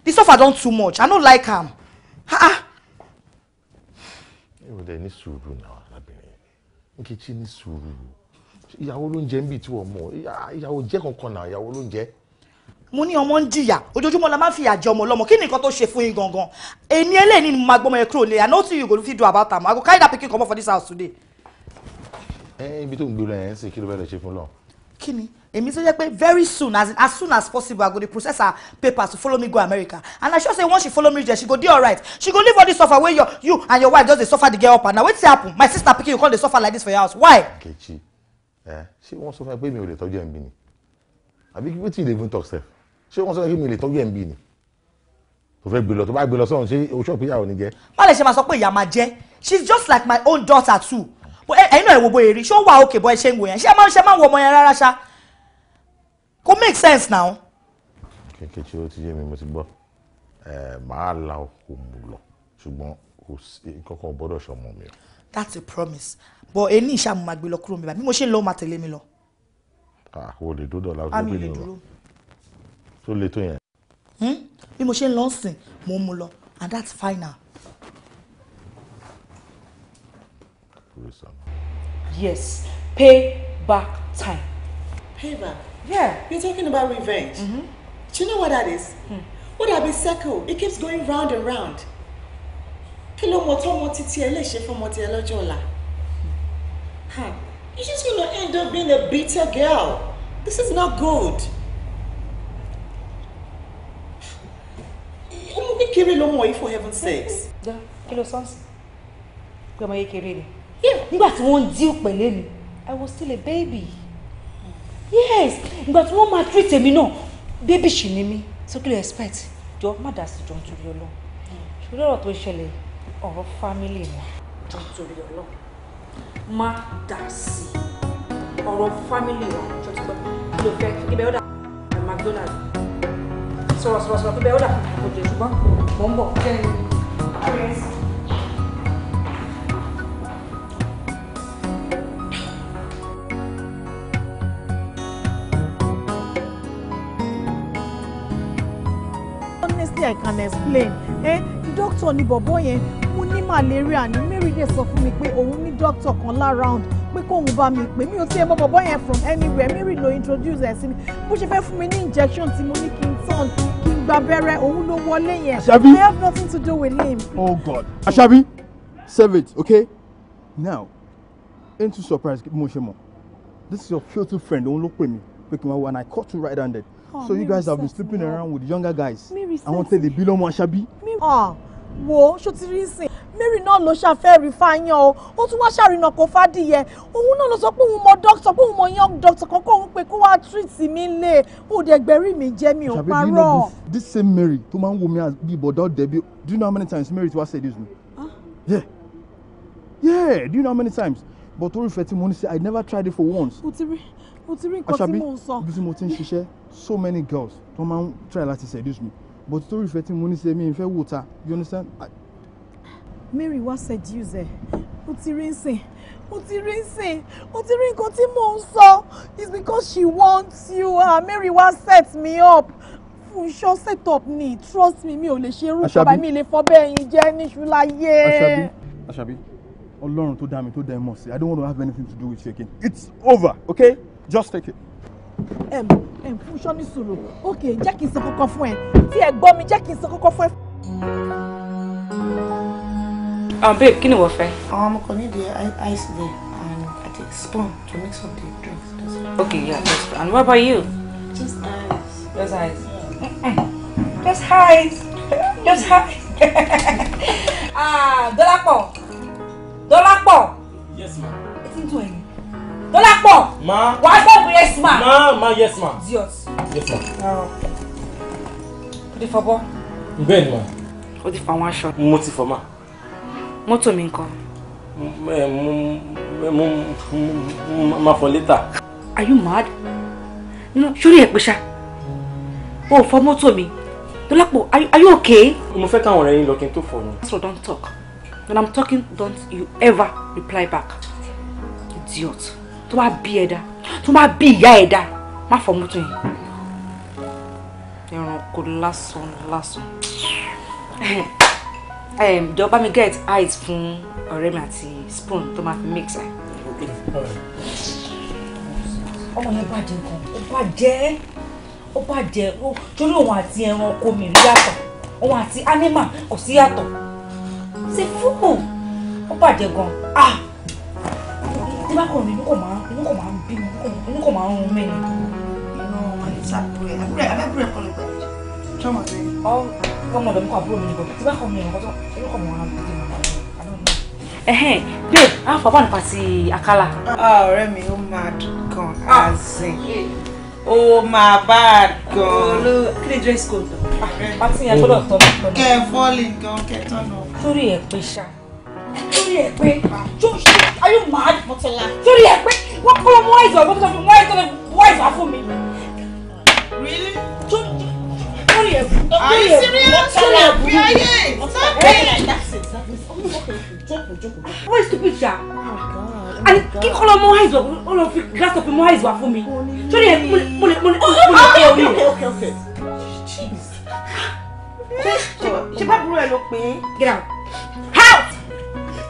the suffer don too much i no like am ìwọ dẹ ní sùúrù náà arábìnrin nkechi ní sùúrù ìyàwó ló ń jẹ níbi tí wọn mọ ìyàwó jẹ kankan náà ìyàwó ló ń jẹ. mo ní ọmọ ń jìyà ojoojúmọ́ la máa fi ìyà jẹ ọmọ ọlọ́mọ kí ni nǹkan tó ṣe fún yín gangan èmi eléyìí ni màá gbọ́mọ ẹ kúrò lé i know you go fit do about am i go carry that pikin comot for this house today. ẹ ibi tó ń gbé lọ yẹn ń sè kí ló bẹ̀rẹ̀ ṣe fún lọ. kí ni èmi tó jẹ́ pé very soon as, as soon as possible i go dey process her papers to follow me go america and i sure say once she follow me there she go dey alright she go leave all this suffer wey your you and your wife just dey suffer to get up and na wetin happen my sister pikin you come dey suffer like this for your house why. kechi ẹ eh, ṣé wọn sọ fún ẹ pé mi ò lè tọjú ẹ ń bí ni àbí wetin you dey even talk sef ṣé wọn sọ fún ẹ pé mi ò lè tọjú ẹ ń bí ni tó fẹ́ gbé lọ tó bá gbé lọ sọ́run ṣé oṣù ìpínyàwó ni jẹ́. má lè ṣe máa sọ pé ìyá máa jẹ́ she's just like my own daughter too eh, ẹ̀yin náà ẹ̀ wo bóyá rí ṣé ó wà òkè bọ́ ẹ ṣe ń wò yẹn ṣé ẹ máa ń wọ ọmọ yẹn rárá ṣá kò make sense now. kékeré o ó ti yé mi mo ti gbọ́ ẹ màá la òkò mú lọ ṣùgbọ́n kankan ò gbọ́dọ̀ ṣọmọ mi o. that's a promise but ení ìṣàmù máa gbé lọ kúrò mi bí mo ṣe ń lọ máa tẹ̀lé mi lọ. àwọn olè dúdọ̀ la ó gbé mi lọ tó le tó yẹn. Hmm? bí mo ṣe ń lọ sìn mo ń lọ and that's final. yes pay back time. pay back. Yeah. You're talking about revenge. Mm-hmm. Do you know what that is? Mm. What that be circle? It keeps going round and round. Kilo moto moti tó mọ títí ẹ lè ṣe You're just gonna end up being a bitter girl. This is not good. Ọmọ be ló mọ̀ yìí for heaven's sakes. Yeah. Kilo sons. Pé ọmọ kékeré ni. Nígbà tí wọ́n ń dín pẹ̀lẹ́ mi, I was still a baby yes ìgbà tí wọ́n máa treat èmi náà baby, she ni mí so kí lè expect jọ má dà sí jọ nítorí ọlọ́run ṣùgbọ́n ọ̀rọ̀ tó ń ṣẹlẹ̀ ọ̀rọ̀ family ni jọ nítorí ọlọ́run má dà sí ọ̀rọ̀ family wa jọ ti gbọ́ kí ló fẹ́ ibẹ̀ ó dà McDonald sọ̀rọ̀ sọ̀rọ̀ sọ̀rọ̀ ibẹ̀ ó dà kó jẹ ṣùgbọ́n mò ń bọ̀ jẹ́ I can explain eh doctor ni bọ̀bọ̀ yẹn mo ní malaria ni Mary dey sọ fún mi pé òun ní doctor kan láround pé kóun bá mi pè mí ò tiẹ̀ mọ bọ̀bọ̀ yẹn from anywhere Mary ló introduce ẹ̀ sí mi bó ṣe fẹ́ fún mi ní injection tí mo ní kí n tán kí n gba abẹ́rẹ́ òun ló wọlé yẹn I have nothing to do with him. Oh God Asabi save it okay now into surprise, surprised mo ṣe mọ this is your filthy friend òun ló pè mí pé kí n wá wá and I cut you right handed. Oh, so you guys have been sleeping around with younger guys. àwọn tẹ̀lé bí lọ́mọ aṣábí. Ah, wo ṣó ti rí sìn mary náà ló ṣàfẹ́ rí fáyán o ó tún wá ṣàrìnà kó fàdìyẹ òun náà ló sọ pé òun mọ dókítà pé òun mọ young doctor kan kó òun pé kó wá treat mi lé ó dẹ̀ gbẹ̀rí mi jẹ́ mi ò parọ́. ṣàbí nínú this same mary tó máa ń wo mi bí bọ̀dọ̀ dẹ̀bi do you know how many times mary ti wá seduce me. Huh? Ah. yeah yeah do you know how many times but orí ìfẹ́ tí mo ní i never tried it for once. mo ti rí mo ti rí nǹkan tí mò ń so many girls tó máa ń try láti seduce me but torí ìfẹ́ tí mo ní ṣe mi ìfẹ́ wò ta you understand. Mary wá seduce ẹ ó ti rí nsìn ó ti rí nsìn ó ti rí nǹkan tí mò ń sọ it's because she wants you ah Mary wá set me up Fúnṣọ́ set up ni trust me mi ò lè ṣe irú ìjọba mi lè fọ bẹ́ẹ̀ yín jẹ́ níṣu láyé. Àṣàbí Àṣàbí Ọlọ́run tó dá mi tó dá ẹ mọ̀ sí I don't want to have anything to do with you again it's over okay just take it fún sọ́ni sùúrù ok jẹ́ kí n sọ kọ́kọ́ fún ẹ tí ẹ gbọ́ mi jẹ́ kí n sọ kọ́kọ́ fún ẹ. Um, babe, kí ni wọ́n fẹ́? Àwọn ọmọ kan need the ice there and I take spoon to mix up the drinks. Okay, yeah, that's fine. And what about you? Just ice. Just ice. Just ice. Just ice. ah, Dọ́lápọ̀. Dọ́lápọ̀. Yes, ma'am. Ẹ ti ń tún Ma, Dọ́lápọ̀ wàá sẹ́gun yes ma. ma ma yes ma. diot. yes ma. o ti fọbọ. bẹ́ẹ̀ ni ma. o ti fọ àwọn aṣọ. mo ti fọ ma. mọ́tò mi ńkọ́. mo mo ma fọ létà. are you mad? sórí ẹ̀ pé ṣá o ò fọ mọ́tò mi Dọ́lápọ̀ are you okay? mo fẹ́ káwọn ọ̀rẹ́ yín lọ kí n tó fọ ni. so don't talk when i'm talking don't you ever reply back idiot tó bá bí ẹ̀dá tó bá bí ìyá ẹ̀dá má fọmú tó yẹn ẹranko lásán lásán jọ bá mi get eyes fún ọ̀rẹ́ mi àti spoon tó máa fi mix ẹ̀. ọmọ mi bàjẹ́ nǹkan ó bàjẹ́ ó bàjẹ́ torí òun àti ẹranko mi rí yàtọ̀ òun àti animal kò sí yàtọ̀ ṣe fúnpù ó bàjẹ́ gan-an ah! tí bá kàn rí ní kò máa inú kò máa ń rún babe a fọ one party. ti Oh ọ̀rẹ́ mi ó máa dùn gan azin ó máa bá a gan. dress code. pàtí yẹn gbọ́dọ̀ tọ́ mi. kẹ́ ẹ fọ́ọ̀lì gan kẹ́ tọ́nà. sórí ẹ̀ pé lórí ẹ̀ pé yóò ṣe ayé màá dìbò tẹ̀lá lórí ẹ̀ pé wọ́n kọ́ ọmọ ẹ̀zọ̀ wọ́n fi wọ́n ẹ̀zọ̀ wọ́n ẹ̀zọ̀ fún mi. Really? lórí ẹ̀ lórí ẹ̀ wọ́n tẹ̀lá bí ayé Why stupid ja? Oh Ani oh kí kọ́lọ́ mọ àìsàn ó lọ fi glass of mọ àìsàn fún mi. Sori ẹ̀ mo lè mo lè mo lè mo lè kẹ́ oh, orí ẹ̀. Ṣé bá burú ẹ ló pé? Get out.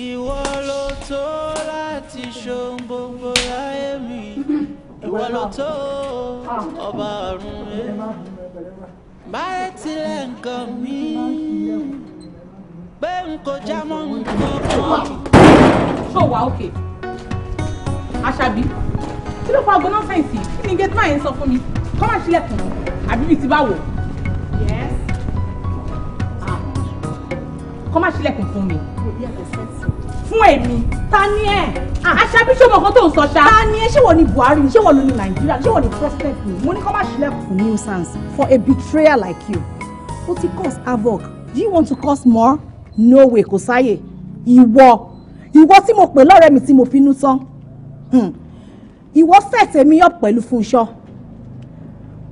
ìwọ ló tó láti ṣohun gbogbo láyé mi ìwọ ló tó ọba ọ̀run rẹ báyé tilẹ̀ nǹkan mi pé n kò já mọ́ nǹkan kan. ṣó wà òkè aṣábí kí ló fa agbóná fẹ̀yìntì kí ni gẹ́tìmáà yẹn sọ fún mi kọ́ máa ṣílẹ̀kùn àbí ti bá wọ̀ kọ́ má ṣílẹ̀kùn fún mi. fún èmi. ta ni ẹ. aṣáájú ah. ṣé ọmọkan tó ń sọ ṣá. ta ni ẹ ṣé wọ́n ní Buhari ṣé wọ́n ló ní Nàìjíríà ṣé wọ́n ní president ni. mo ní kọ́ má ṣílẹ̀kùn fún nuisance for a betrayer like you. o ti cause havoc do you want to cause more? no way kò sáyè ìwọ ìwọ tí mo pè lọ́rẹ́ mi tí mo finú tán hmm. ìwọ set èmi up pẹ̀lú Fúnṣọ́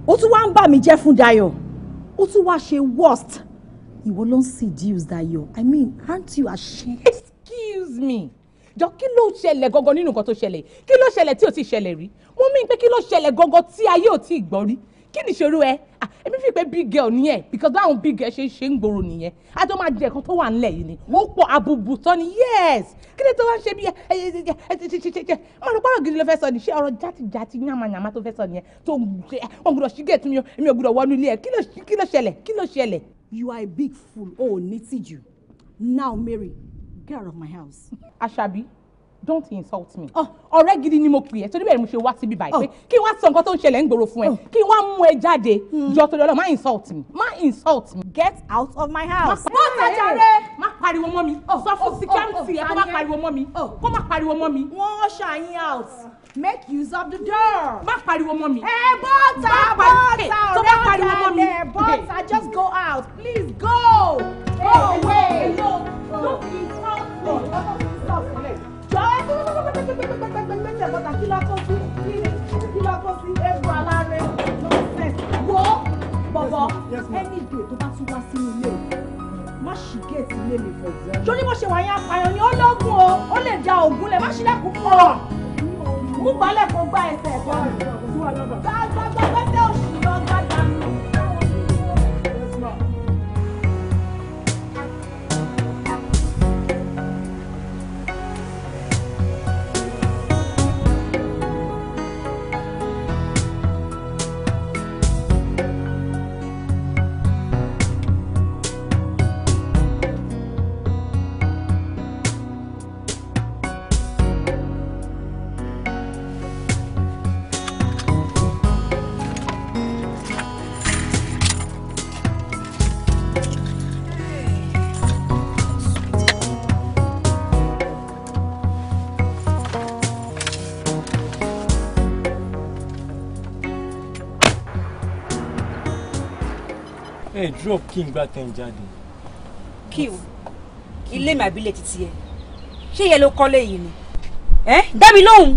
ó tún wá ń bà mí jẹ́ fún Dayọ̀ ó tún wá ṣe worst ìwọ ló ń seduce Dayọ̀ i mean aren't you ashamed. excuse me jọ kí ló ṣẹlẹ̀ gangan nínú nǹkan tó ṣẹlẹ̀ kí ló ṣẹlẹ̀ tí ò ti ṣẹlẹ̀ rí mo mí pé kí ló ṣẹlẹ̀ gangan tí ayé ò tí gbọ́ rí kí ni ìṣòro ẹ èmi fi pé big girl ni ẹ because báwọn big girl ṣe ṣe ń gbòòrò nìyẹn àjọ máa jẹ ẹ̀kan tó wà nílẹ̀ yìí ni wọ́n pọ̀ àbùbù tán ni yes kí ni tó wá ń ṣe bí ẹ ẹ ẹ ẹ ẹ ẹ ẹ máa lọ pọ́nrọ̀ gidi ló fẹ́ sọ ni ṣé ọ̀rọ̀ játijàti yàmàyàmà tó fẹ́ sọ nìyẹn tó ń gbé ẹ wọn gbọdọ̀ ṣígẹ̀ tún mi ò gbọdọ̀ wọnú ilé ẹ kí ló ṣẹlẹ̀ kí ló ṣẹlẹ̀. You are a big fool. Oh, nitted you. Now, Mary, get out of my house. Ashabi, don't insult me. Oh. ọ̀rẹ́ gidi ni mo pè ẹ́ torí bẹ́ẹ̀ ni mo ṣe wá síbí báyìí pé oh. kí ki sọ nǹkan tó ń ṣẹlẹ̀ ń gbòòrò fún ẹ oh. kí wá mú ẹ jáde hmm. jọ torí ọlọ́ insult me Ma insult me. get out of my house. má tajà rẹ. má pariwo mọ́ mi sọ fún síkẹ́ǹtì ẹ kó má pariwo mọ́ mi kó má pariwo mọ́ mi. wọ́n ṣàyín out make use of the door. má pariwo mọ́ mi. ẹ bọ́ta bọ́ta ọ̀rẹ́ ọ̀dà rẹ̀ bọ́ta just go out please go go away. jọ ẹ pẹpẹpẹpẹpẹpẹpẹpẹ bọ́ta kí lọ́kọ́ sí kí lọ́kọ́ sí egbò alárẹ̀ wo bọ̀bọ̀ ẹni ìgbè tó bá tún wá sínú ilé má ṣì géètì ilé mi fẹ̀. sórí bó ṣe wà yẹn apààyàn ni ó lóògùn o ó lè da òògùn lẹ̀ má ṣílẹ̀kùn pọ̀ mú balẹ̀ kó gbá ẹsẹ̀ bọ́ọ̀lù. gbàgbàgbà ẹ drop kí n gba tẹ̀ ń jáde. kí o ilé mi àbílẹ̀ títí ẹ ṣé yẹ ló kọ́lé yìí ni ẹ dá mi lóhùn.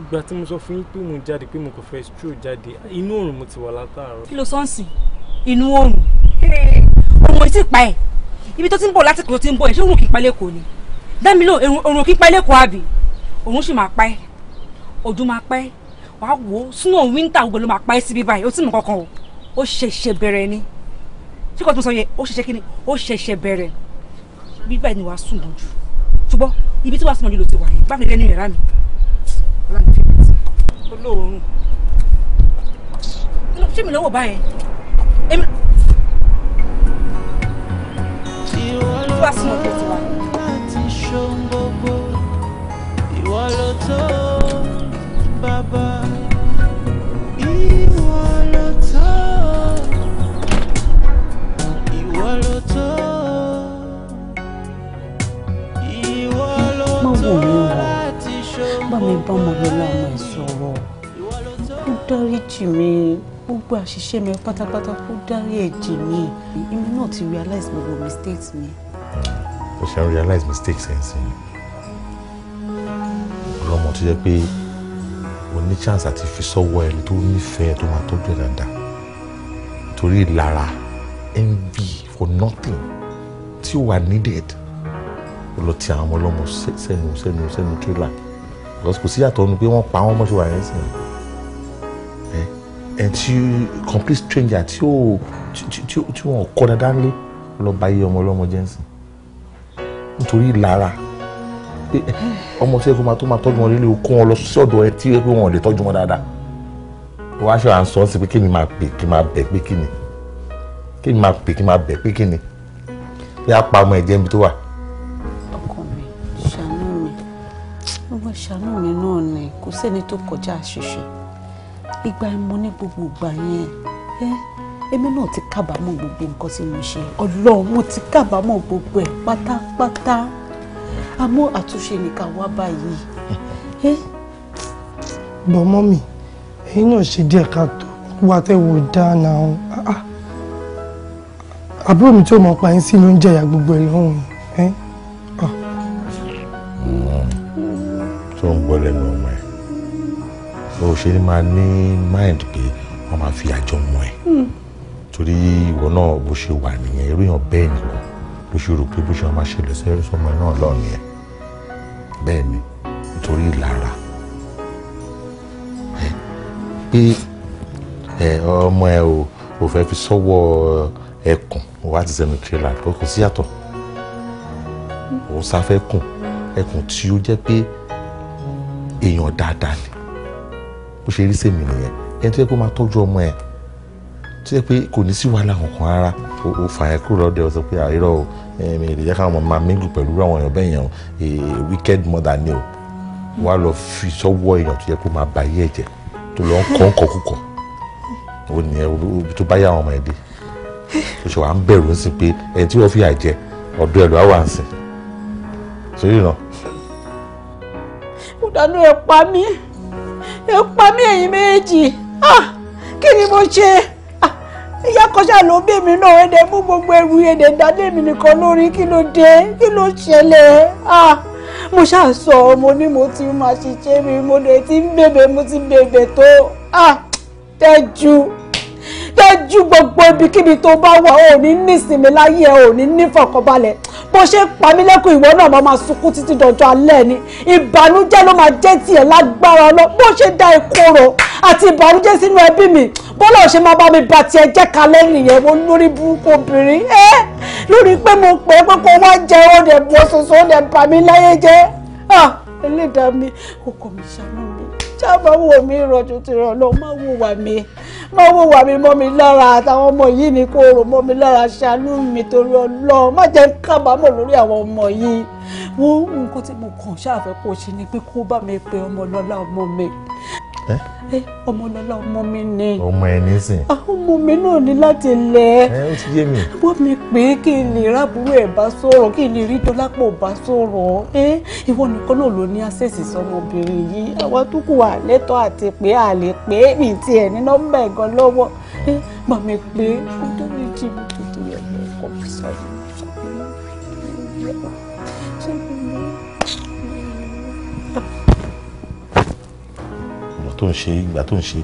ìgbà tí mo sọ fún yín pé mo jáde pé mo kò fẹ́ stroll jáde inú oòrùn mo ti wà látàárọ̀. kí ló sọ ń sìn inú oòrùn oòrùn etí pa ẹ ibi tó ti ń bọ̀ láti kò tó ti ń bọ̀ ẹ ṣé oòrùn kì í pa lẹ́kọ̀ọ́ ni dá mi lóhùn oòrùn kì í pa lẹ́kọ̀ọ́ àbí oòrùn sì máa pa ẹ òjò máa pa ẹ wàá wò ó sínú òun wíńtà gbogbo ló máa pa ẹ síbí báyìí ó sì mọ kankan o ó ṣẹ̀ṣẹ̀ bẹ̀rẹ̀ ni tí kò tó sọ yẹn ó ṣẹ̀ṣẹ̀ kí ni ó ṣẹ̀ṣẹ̀ bẹ̀rẹ̀ gbígbà ni wàá sùn mọ́jú ṣùgbọ́n ibi tí wàá sùn mọ́jú ló ti wà yẹn gbàgbé lẹ́nu ìrẹ́ra mi ọlá mi fi bá ti olóòórùn ṣé mi lọ́wọ́ báyẹn èmi. tí wàá sùn mọ́jú ló bàbá. bọ́mọ mi láwọn ẹ̀ sọ̀rọ̀ ó dáríjì mi gbogbo àṣìṣe mi pátápátá kó dárí ẹ̀jì mi èmi náà ti realize gbogbo mistakes mi. o ṣe realize mistakes ẹ̀ ń sìn ọlọ́mọ tó jẹ́ pé o ní chance àti fi sọ́wọ́ ẹni tó nífẹ̀ẹ́ tó máa tọ́jú ẹ̀ dáadáa torí ìlara envy for nothing tí o wà needed o lọ ti àwọn ọmọ ọlọ́mọ sẹ́nu sẹ́nu sẹ́nu tírélà because kò sí àtọ̀ nu pé wọ́n pa wọ́n mọ́ṣẹ́ wà yẹn sìn ẹ ẹ tí complete stranger tí ò tí wọn kọ́ dandan lé lọ bá iye ọmọ ọlọ́mọ jẹ́ sìn nítorí ìlara pé ọmọ tí ẹkọ máa tó máa tọ́jú wọn lílé okó wọn lọ sí ọ̀dọ̀ ẹ tí ẹ pé wọn ò lè tọ́jú wọn dáadáa wọ́n á ṣe à ń sọ ọ́ sí pé kí ni máa pè kí máa bẹ̀ pé kí ni kí ni máa pè kí máa bẹ̀ pé kí ni bí a pa ọmọ ẹ̀jẹ̀ níbi tó wà ṣàánú mi náà ni kò sẹ́ni tó kọjá àṣìṣe ìgbà mo ní gbogbo ìgbà yẹn ẹ èmi náà ti kábàámọ̀ gbogbo nǹkan tí mo ṣe ọlọ́run mo ti kábàámọ̀ gbogbo ẹ̀ pátápátá àmọ́ àtúnṣe nìkan wá báyìí. bọ́ mọ́mì èyí náà ṣe díẹ̀ ká tó wá tẹ́wọ̀ dáná o ah, ah. àbúrò mi tó mọ̀ pa yín sí ló ń jẹ̀yà gbogbo ẹ̀ lọ́hùn-ún tó ń gbọ́ lẹ́nu ọmọ ẹ̀ o ṣe ni máa ní mind pé wọ́n máa fi àjọ mọ́ ẹ̀ hmm. torí ìwọ náà bó ṣe wà nìyẹn irú èèyàn bẹ́ẹ̀ ni wọ́n bó ṣe rò pé bó ṣe máa ṣẹlẹ̀ sẹ́rẹ́ sọmọ ẹ̀ náà lọ́ọ̀ nìyẹn bẹ́ẹ̀ ni nítorí ìlara ẹ pé ẹ ọmọ ẹ o ò fẹ́ fi sọ́wọ́ ẹkùn wá ti sẹ́nu tirẹ̀là kò sí yàtọ̀ òun sáfẹ́ kùn ẹkùn tí ó jẹ́ pé èèyàn dáadáa ni bó ṣe rí sèmi nìyẹn ẹni tó yẹ kó máa tọ́jú ọmọ ẹ̀ tó yẹ pé kò ní sí wàhálà kankan rárá o fà yẹn kúrò lọ́dẹ o sọ pé àìrọ̀ o èmi lè jẹ́ káwọn ọmọ máa mingle pẹ̀lú àwọn èèyàn bẹ́ẹ̀ yẹn o wicked mother ni o wàá lọ fi sọ́wọ́ èèyàn tó yẹ kó máa bà yé ẹ̀jẹ̀ tó lọ ń kọ́ ń kọ́ kúkọ́ o nìyẹn o tó bá yà àwọn ọmọ ẹ̀ dé o ṣe wàá ń bẹ̀rù ń sìn pé ẹni tí wọ́n fi àjẹ ọ̀dọ́ ẹ̀ lọ́wọ́ à ń sìn sórí náà dànù ẹ pa mí ẹ pa mí ẹ̀yin méjì ah, kí ni mo ṣe ah, ìyá kọjá ló bí mi náà ẹ̀dẹ̀ mú gbogbo ẹrù ẹ̀dẹ̀ dání mi nìkan lórí kí ló dé kí ló ṣẹlẹ̀ ah, mo ṣáà sọ ọmọ ní mo ti máa ṣiṣẹ́ mi mo lè ti ń bèbè mo ti bèbè tó tẹ́jú tẹ́jú gbogbo ibikíbi tó bá wà ò ní láyé ò nífọ̀kànbalẹ̀ bó ṣe pa mí lẹ́kùn ìwọ náà máa sunkún títí dọjọ́ alẹ́ ni ìbànújẹ́ ló máa jẹ́ tiẹ̀ lágbára lọ bó ṣe dá ìkorò àti ìbànújẹ́ sínú ẹbí mi bọ́lá ṣe máa bá mi bá tiẹ̀ jẹ́ kalẹ́ nìyẹn mo lórí burúkú obìnrin ẹ́ lórí pé mo pè é pé kó wá jẹ ó dẹ̀ bọ́ soso ó dẹ̀ bà mí láyé jẹ́ ah ẹlẹ́dàá mi kò kọ̀ mí já máa wò mí rọ̀jò ti rọ̀ lọ má wò wà mí má wò wà mí mọ́ mi lára àtàwọn ọmọ yìí ni kò rò mọ́ mi lára ṣàánú mi torí Ọlọ́run má jẹ́ kábàámọ̀ lórí àwọn ọmọ yìí wọ́n nǹkan tí mo kàn ṣáà fẹ́ kó ṣe ni pé kó bá mi pe ọmọ lọ́lá ọmọ mi ọmọ lọ́la ọmọ mi ni. ọmọ ẹ nísìn. Ah, ọmọ mi náà ní láti lẹ. ẹ ó ti yé mi. wọ́n mi pé kí n lè rábùrú ẹ̀ bá sọ̀rọ̀ kí n lè rí dọ́lápọ̀ bá sọ̀rọ̀ ẹ ìwọ nìkan náà ló ní àṣẹ̀sì sọmọbìnrin yìí àwa tó kù àlẹ́tọ̀ àti pé àlè pé mi ti ẹ̀ ní nọ́mbà ẹ̀gán lọ́wọ́ ẹ bá mi pé ó dá mi jí mi tuntun yẹn lọ́kọ̀ọ́ sáré. tó ń ṣe ìgbà tó ń ṣe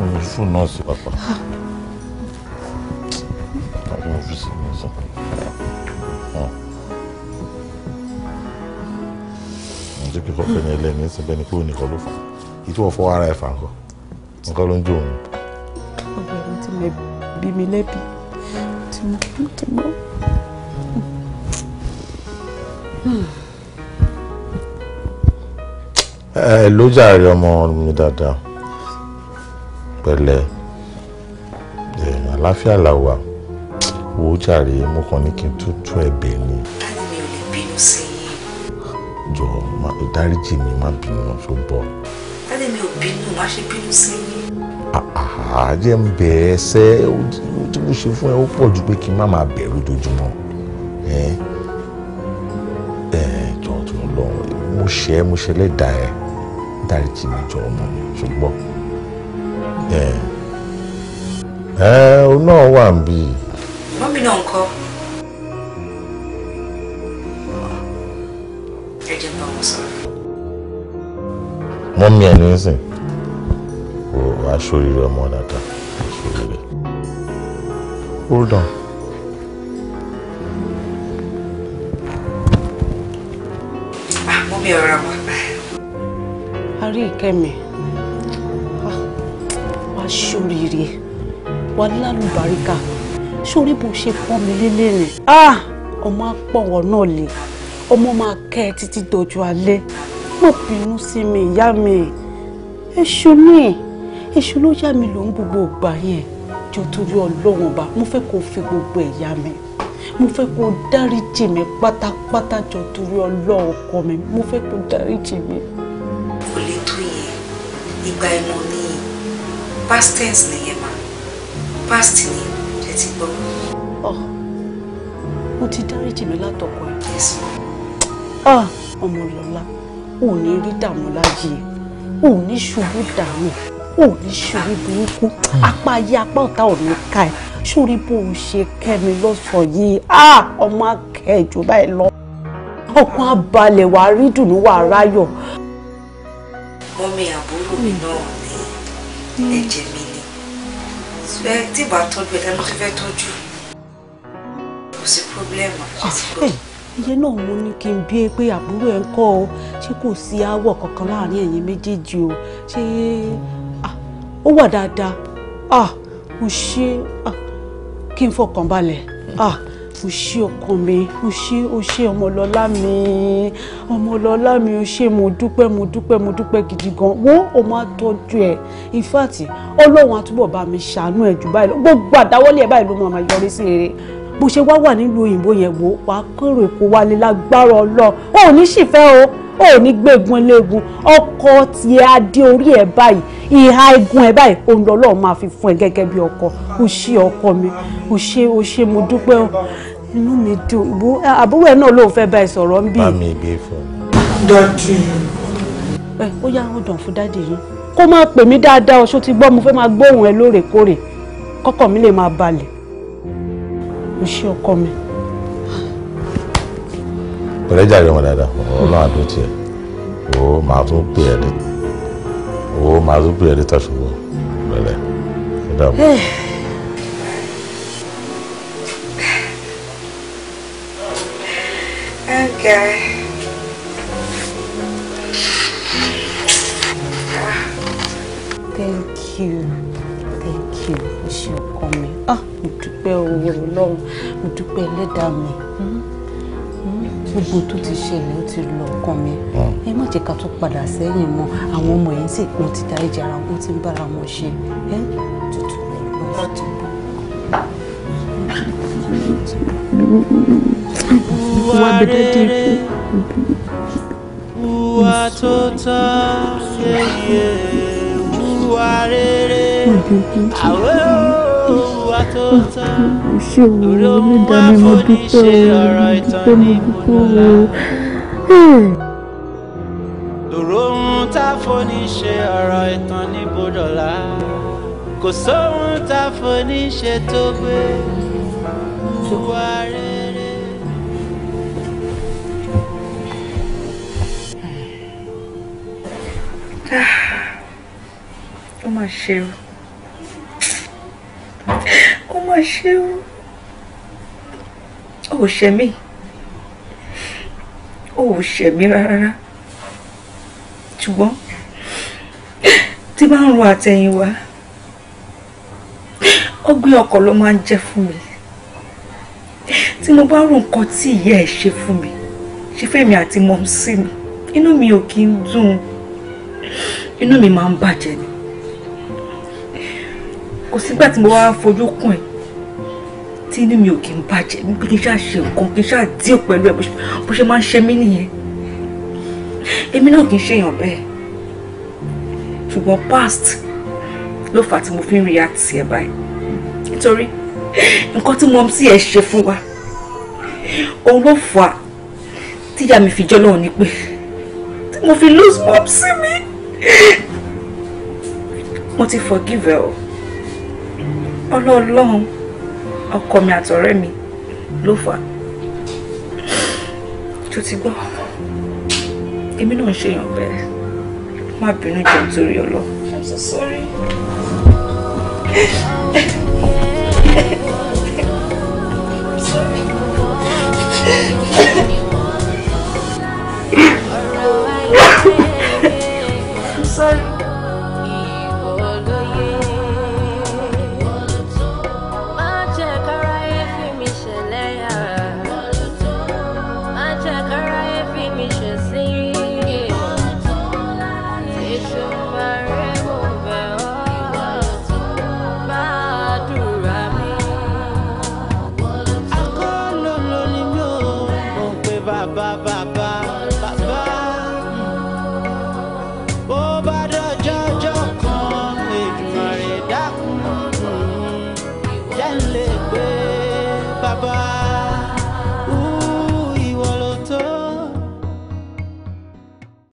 orin fún nọ́ọ̀sì pàpà. ǹjẹ́ kíkọ́ pẹ̀lú ẹlẹ́ni ẹ̀sìn bẹ́ni kí òní kan ló fà ìtú ọ̀fọ́ ara ẹ̀ fà ńkọ́ nǹkan ló ń jó òun. ọ̀bẹ̀rẹ̀ tí mo bí mi lẹ́bi tí mo bí mi lẹ́bi ẹ ló jàre ọmọ mi dáadáa pẹ̀lẹ́ ẹ àlàáfíà là wà wò ó jàre mo kàn ní kí n tútù ẹ̀bẹ̀ ni. àní mi ò lè bínú sí i. jọ ìdáríjì mi má bínú tó bọ. dáadé mi ò bínú má ṣe bínú sí i. àjẹ́ ń bẹ̀ ẹ́ sẹ́ tí mo ṣe fún ẹ ó pọ̀ ju pé kí n má máa bẹ̀rù lójoojúmọ́ ẹ jọ tó ń lọ mo ṣe é mo ṣe lè dá ẹ dáríjì mi jọ ọmọ mi ṣùgbọ́n ẹ ẹ o náà wà ń bí. mọ́mí náà ń kọ́. ẹ jẹ́ bá wọn sọ̀rọ̀. mọ́mí ẹ̀ ní sìn kò wá sóríire ọmọ dáadáa sóríire. hold on. ah mọ́mí ọ̀rọ̀ wa rí ìkẹ́mi wá ṣoríire wá lálùbáríkà ṣorí bó ṣe pọ́n mi lélẹ̀ rẹ̀ ah! ọmọ àpọ̀wọ̀ náà lè ọmọ máa kẹ́ ẹ títí dọjọ́ alẹ́ má bínú sí mi ìyá mi èṣù ni èṣù ló yá mi lòún gbogbo ìgbà yẹn jọ torí ọlọ́run ọba mo fẹ́ kó fi gbogbo ẹ̀yà mi mo fẹ́ kó dáríjì mi pátápátá jọ torí ọlọ́run ọkọ mi mo fẹ́ kó dáríjì mi ìgbà ìmọ̀ ni past tense nìyẹn mà past ni ẹ ti gbọ́. ọ oh, mo ti dáríjì mi látọkọ ẹ. Ah, ọmọ lọlá ò ní rí dààmú láyé ò ní ṣubú dààmú ò ní ṣubú burúkú hmm. apá ayé apá ọ̀tá ò ní ká ẹ sórí bó o ṣe kẹ́mi lọ́sọ̀ọ́ yìí ah, ọmọ akẹ́ ìjọba ẹ lọ ọkàn abalẹ̀ wàá rí dùnú wàá ráyọ̀ mọ́mí àbúrò mi náà ni ẹ̀jẹ̀ mi ni ẹ tí ìbá tọ́jú ẹ̀ lẹ́nu tó fẹ́ tọ́jú kò sí pírọ́blẹ́mù àsìkò. iye náà mo ní kí n bíi pé àbúrò ẹ̀ ń kọ́ ọ ṣé kò sí aáwọ̀ kankan láàrin ẹ̀yin méjèèjì o ṣé ah, ó wà dáadáa ah, mo ṣe ah, kí n fọkàn balẹ̀ o ṣé ọkọ mi o ṣé o mi ọmọlọ́lá mi o ṣé mo dúpẹ́ mo dúpẹ́ mo dúpẹ́ gidi gan wo o máa tọ́jú ẹ̀ in fact ọlọ́run àtúbọ̀ bá mi ṣàánú ẹ̀ jù báyìí lọ gbogbo àdáwọ́lé ẹ̀ báyìí ló máa yọrí sí rere bó ṣe wá wà nílùú òyìnbó yẹn wo wàá kúrò èkó wálé lágbára ọlọ́ọ̀ o ò ní ṣìfẹ́ o ò ní gbégun eléegun ọkọ tí a dé orí ẹ báyìí ìhà igun ẹ báyìí òun lọ́lọ́run máa fi fún ẹ gẹ́gẹ́ bí ọkọ o ṣe ọkọ mi o ṣe o ṣe mo dúpẹ́ o inú mi dùn ìbò àbúrò ẹ náà lóun fẹ́ bá ẹ sọ̀rọ̀ ń bì. bá mi gbé fún un. dájú. ẹ ó yá ó dàn fún dáàdì yìí kó máa pè mí dáadáa ọṣó ti gbọ́ mo fẹ́ máa gbóhùn ẹ lóòrèkóòrè kọ́kọ́ mi lè máa balẹ̀ o ṣe ọkọ mi pẹ̀lẹ́ jàre wọn dáadáa ọlọ́run àdó tiẹ̀ o máa tún pè ẹ́ dé o máa tún pè ẹ́ dé tàṣùgbọ́n pẹ̀lẹ́ ó dàbọ̀. Okay. Thank you. Thank you. Ó ṣe ọkọ mi. Ah, mo dúpẹ́ owó Ọlọ́run, mo dúpẹ́ ẹlẹ́dàá mi gbogbo tó ti ṣẹlẹ̀ ó ti lọ ọkàn mi hmm. ẹ má jẹ́ ká tún padà sẹ́yìn mọ́ àwọn ọmọ yẹn sì wọ́n ti dáríjì ara wọn ti ń bára wọn ṣe ẹ́ tuntun rẹ̀ lọ́wọ́ ti bọ̀. tó tọ́ yẹ̀yẹ̀ wà rere àwẹ̀ ṣé wo olódà ni mo dúpẹ́ o mo dúpẹ́ mo dúpẹ́ o. dòrò ohun tá a foni ṣe ọ̀rọ̀ ìtàn ní bòdọ̀lá kò mà ṣe o ò ṣe mí ò ṣe mí rárá ṣùgbọ́n tí bá ń ro àtẹ̀yìnwá ọgbẹ́ ọkọ̀ ló máa ń jẹ́ fún mi tí mo bá rò nǹkan tí ìyá ẹ̀ ṣe fún mi ṣe fẹ́mi àti mọ̀mísí mi inú mi ò kí ń dùn inú mi máa ń bàjẹ́ ni kò sígbà tí mo wá fojú kùn ẹ́ tí inú mi ò kí ń bàjẹ́ mi kí n ṣáà ṣe nǹkan kí n ṣáà díò pẹ̀lú ẹ̀ bó ṣe máa ń ṣe mí nìyẹn èmi náà kì í ṣèyàn bẹ́ẹ̀ ṣùgbọ́n past ló fà á tí mo fi ń react sí ẹ báyìí nítorí nǹkan tí mo sì ẹ ṣe fún wa òun ló fà á tíyà mi fi jọ́ lọ́hùn ni pé tí mo fi lose mom sí mi mo ti forgive ẹ o ọlọ́ọ̀lọ́hùn ọkọ mi àtọ̀rẹ́ mi ló fà tó ti gbọ́ èmi náà ń ṣèyàn bẹ́ẹ̀ má bínú jẹ́ nítorí ọlọ́ I'm so sorry.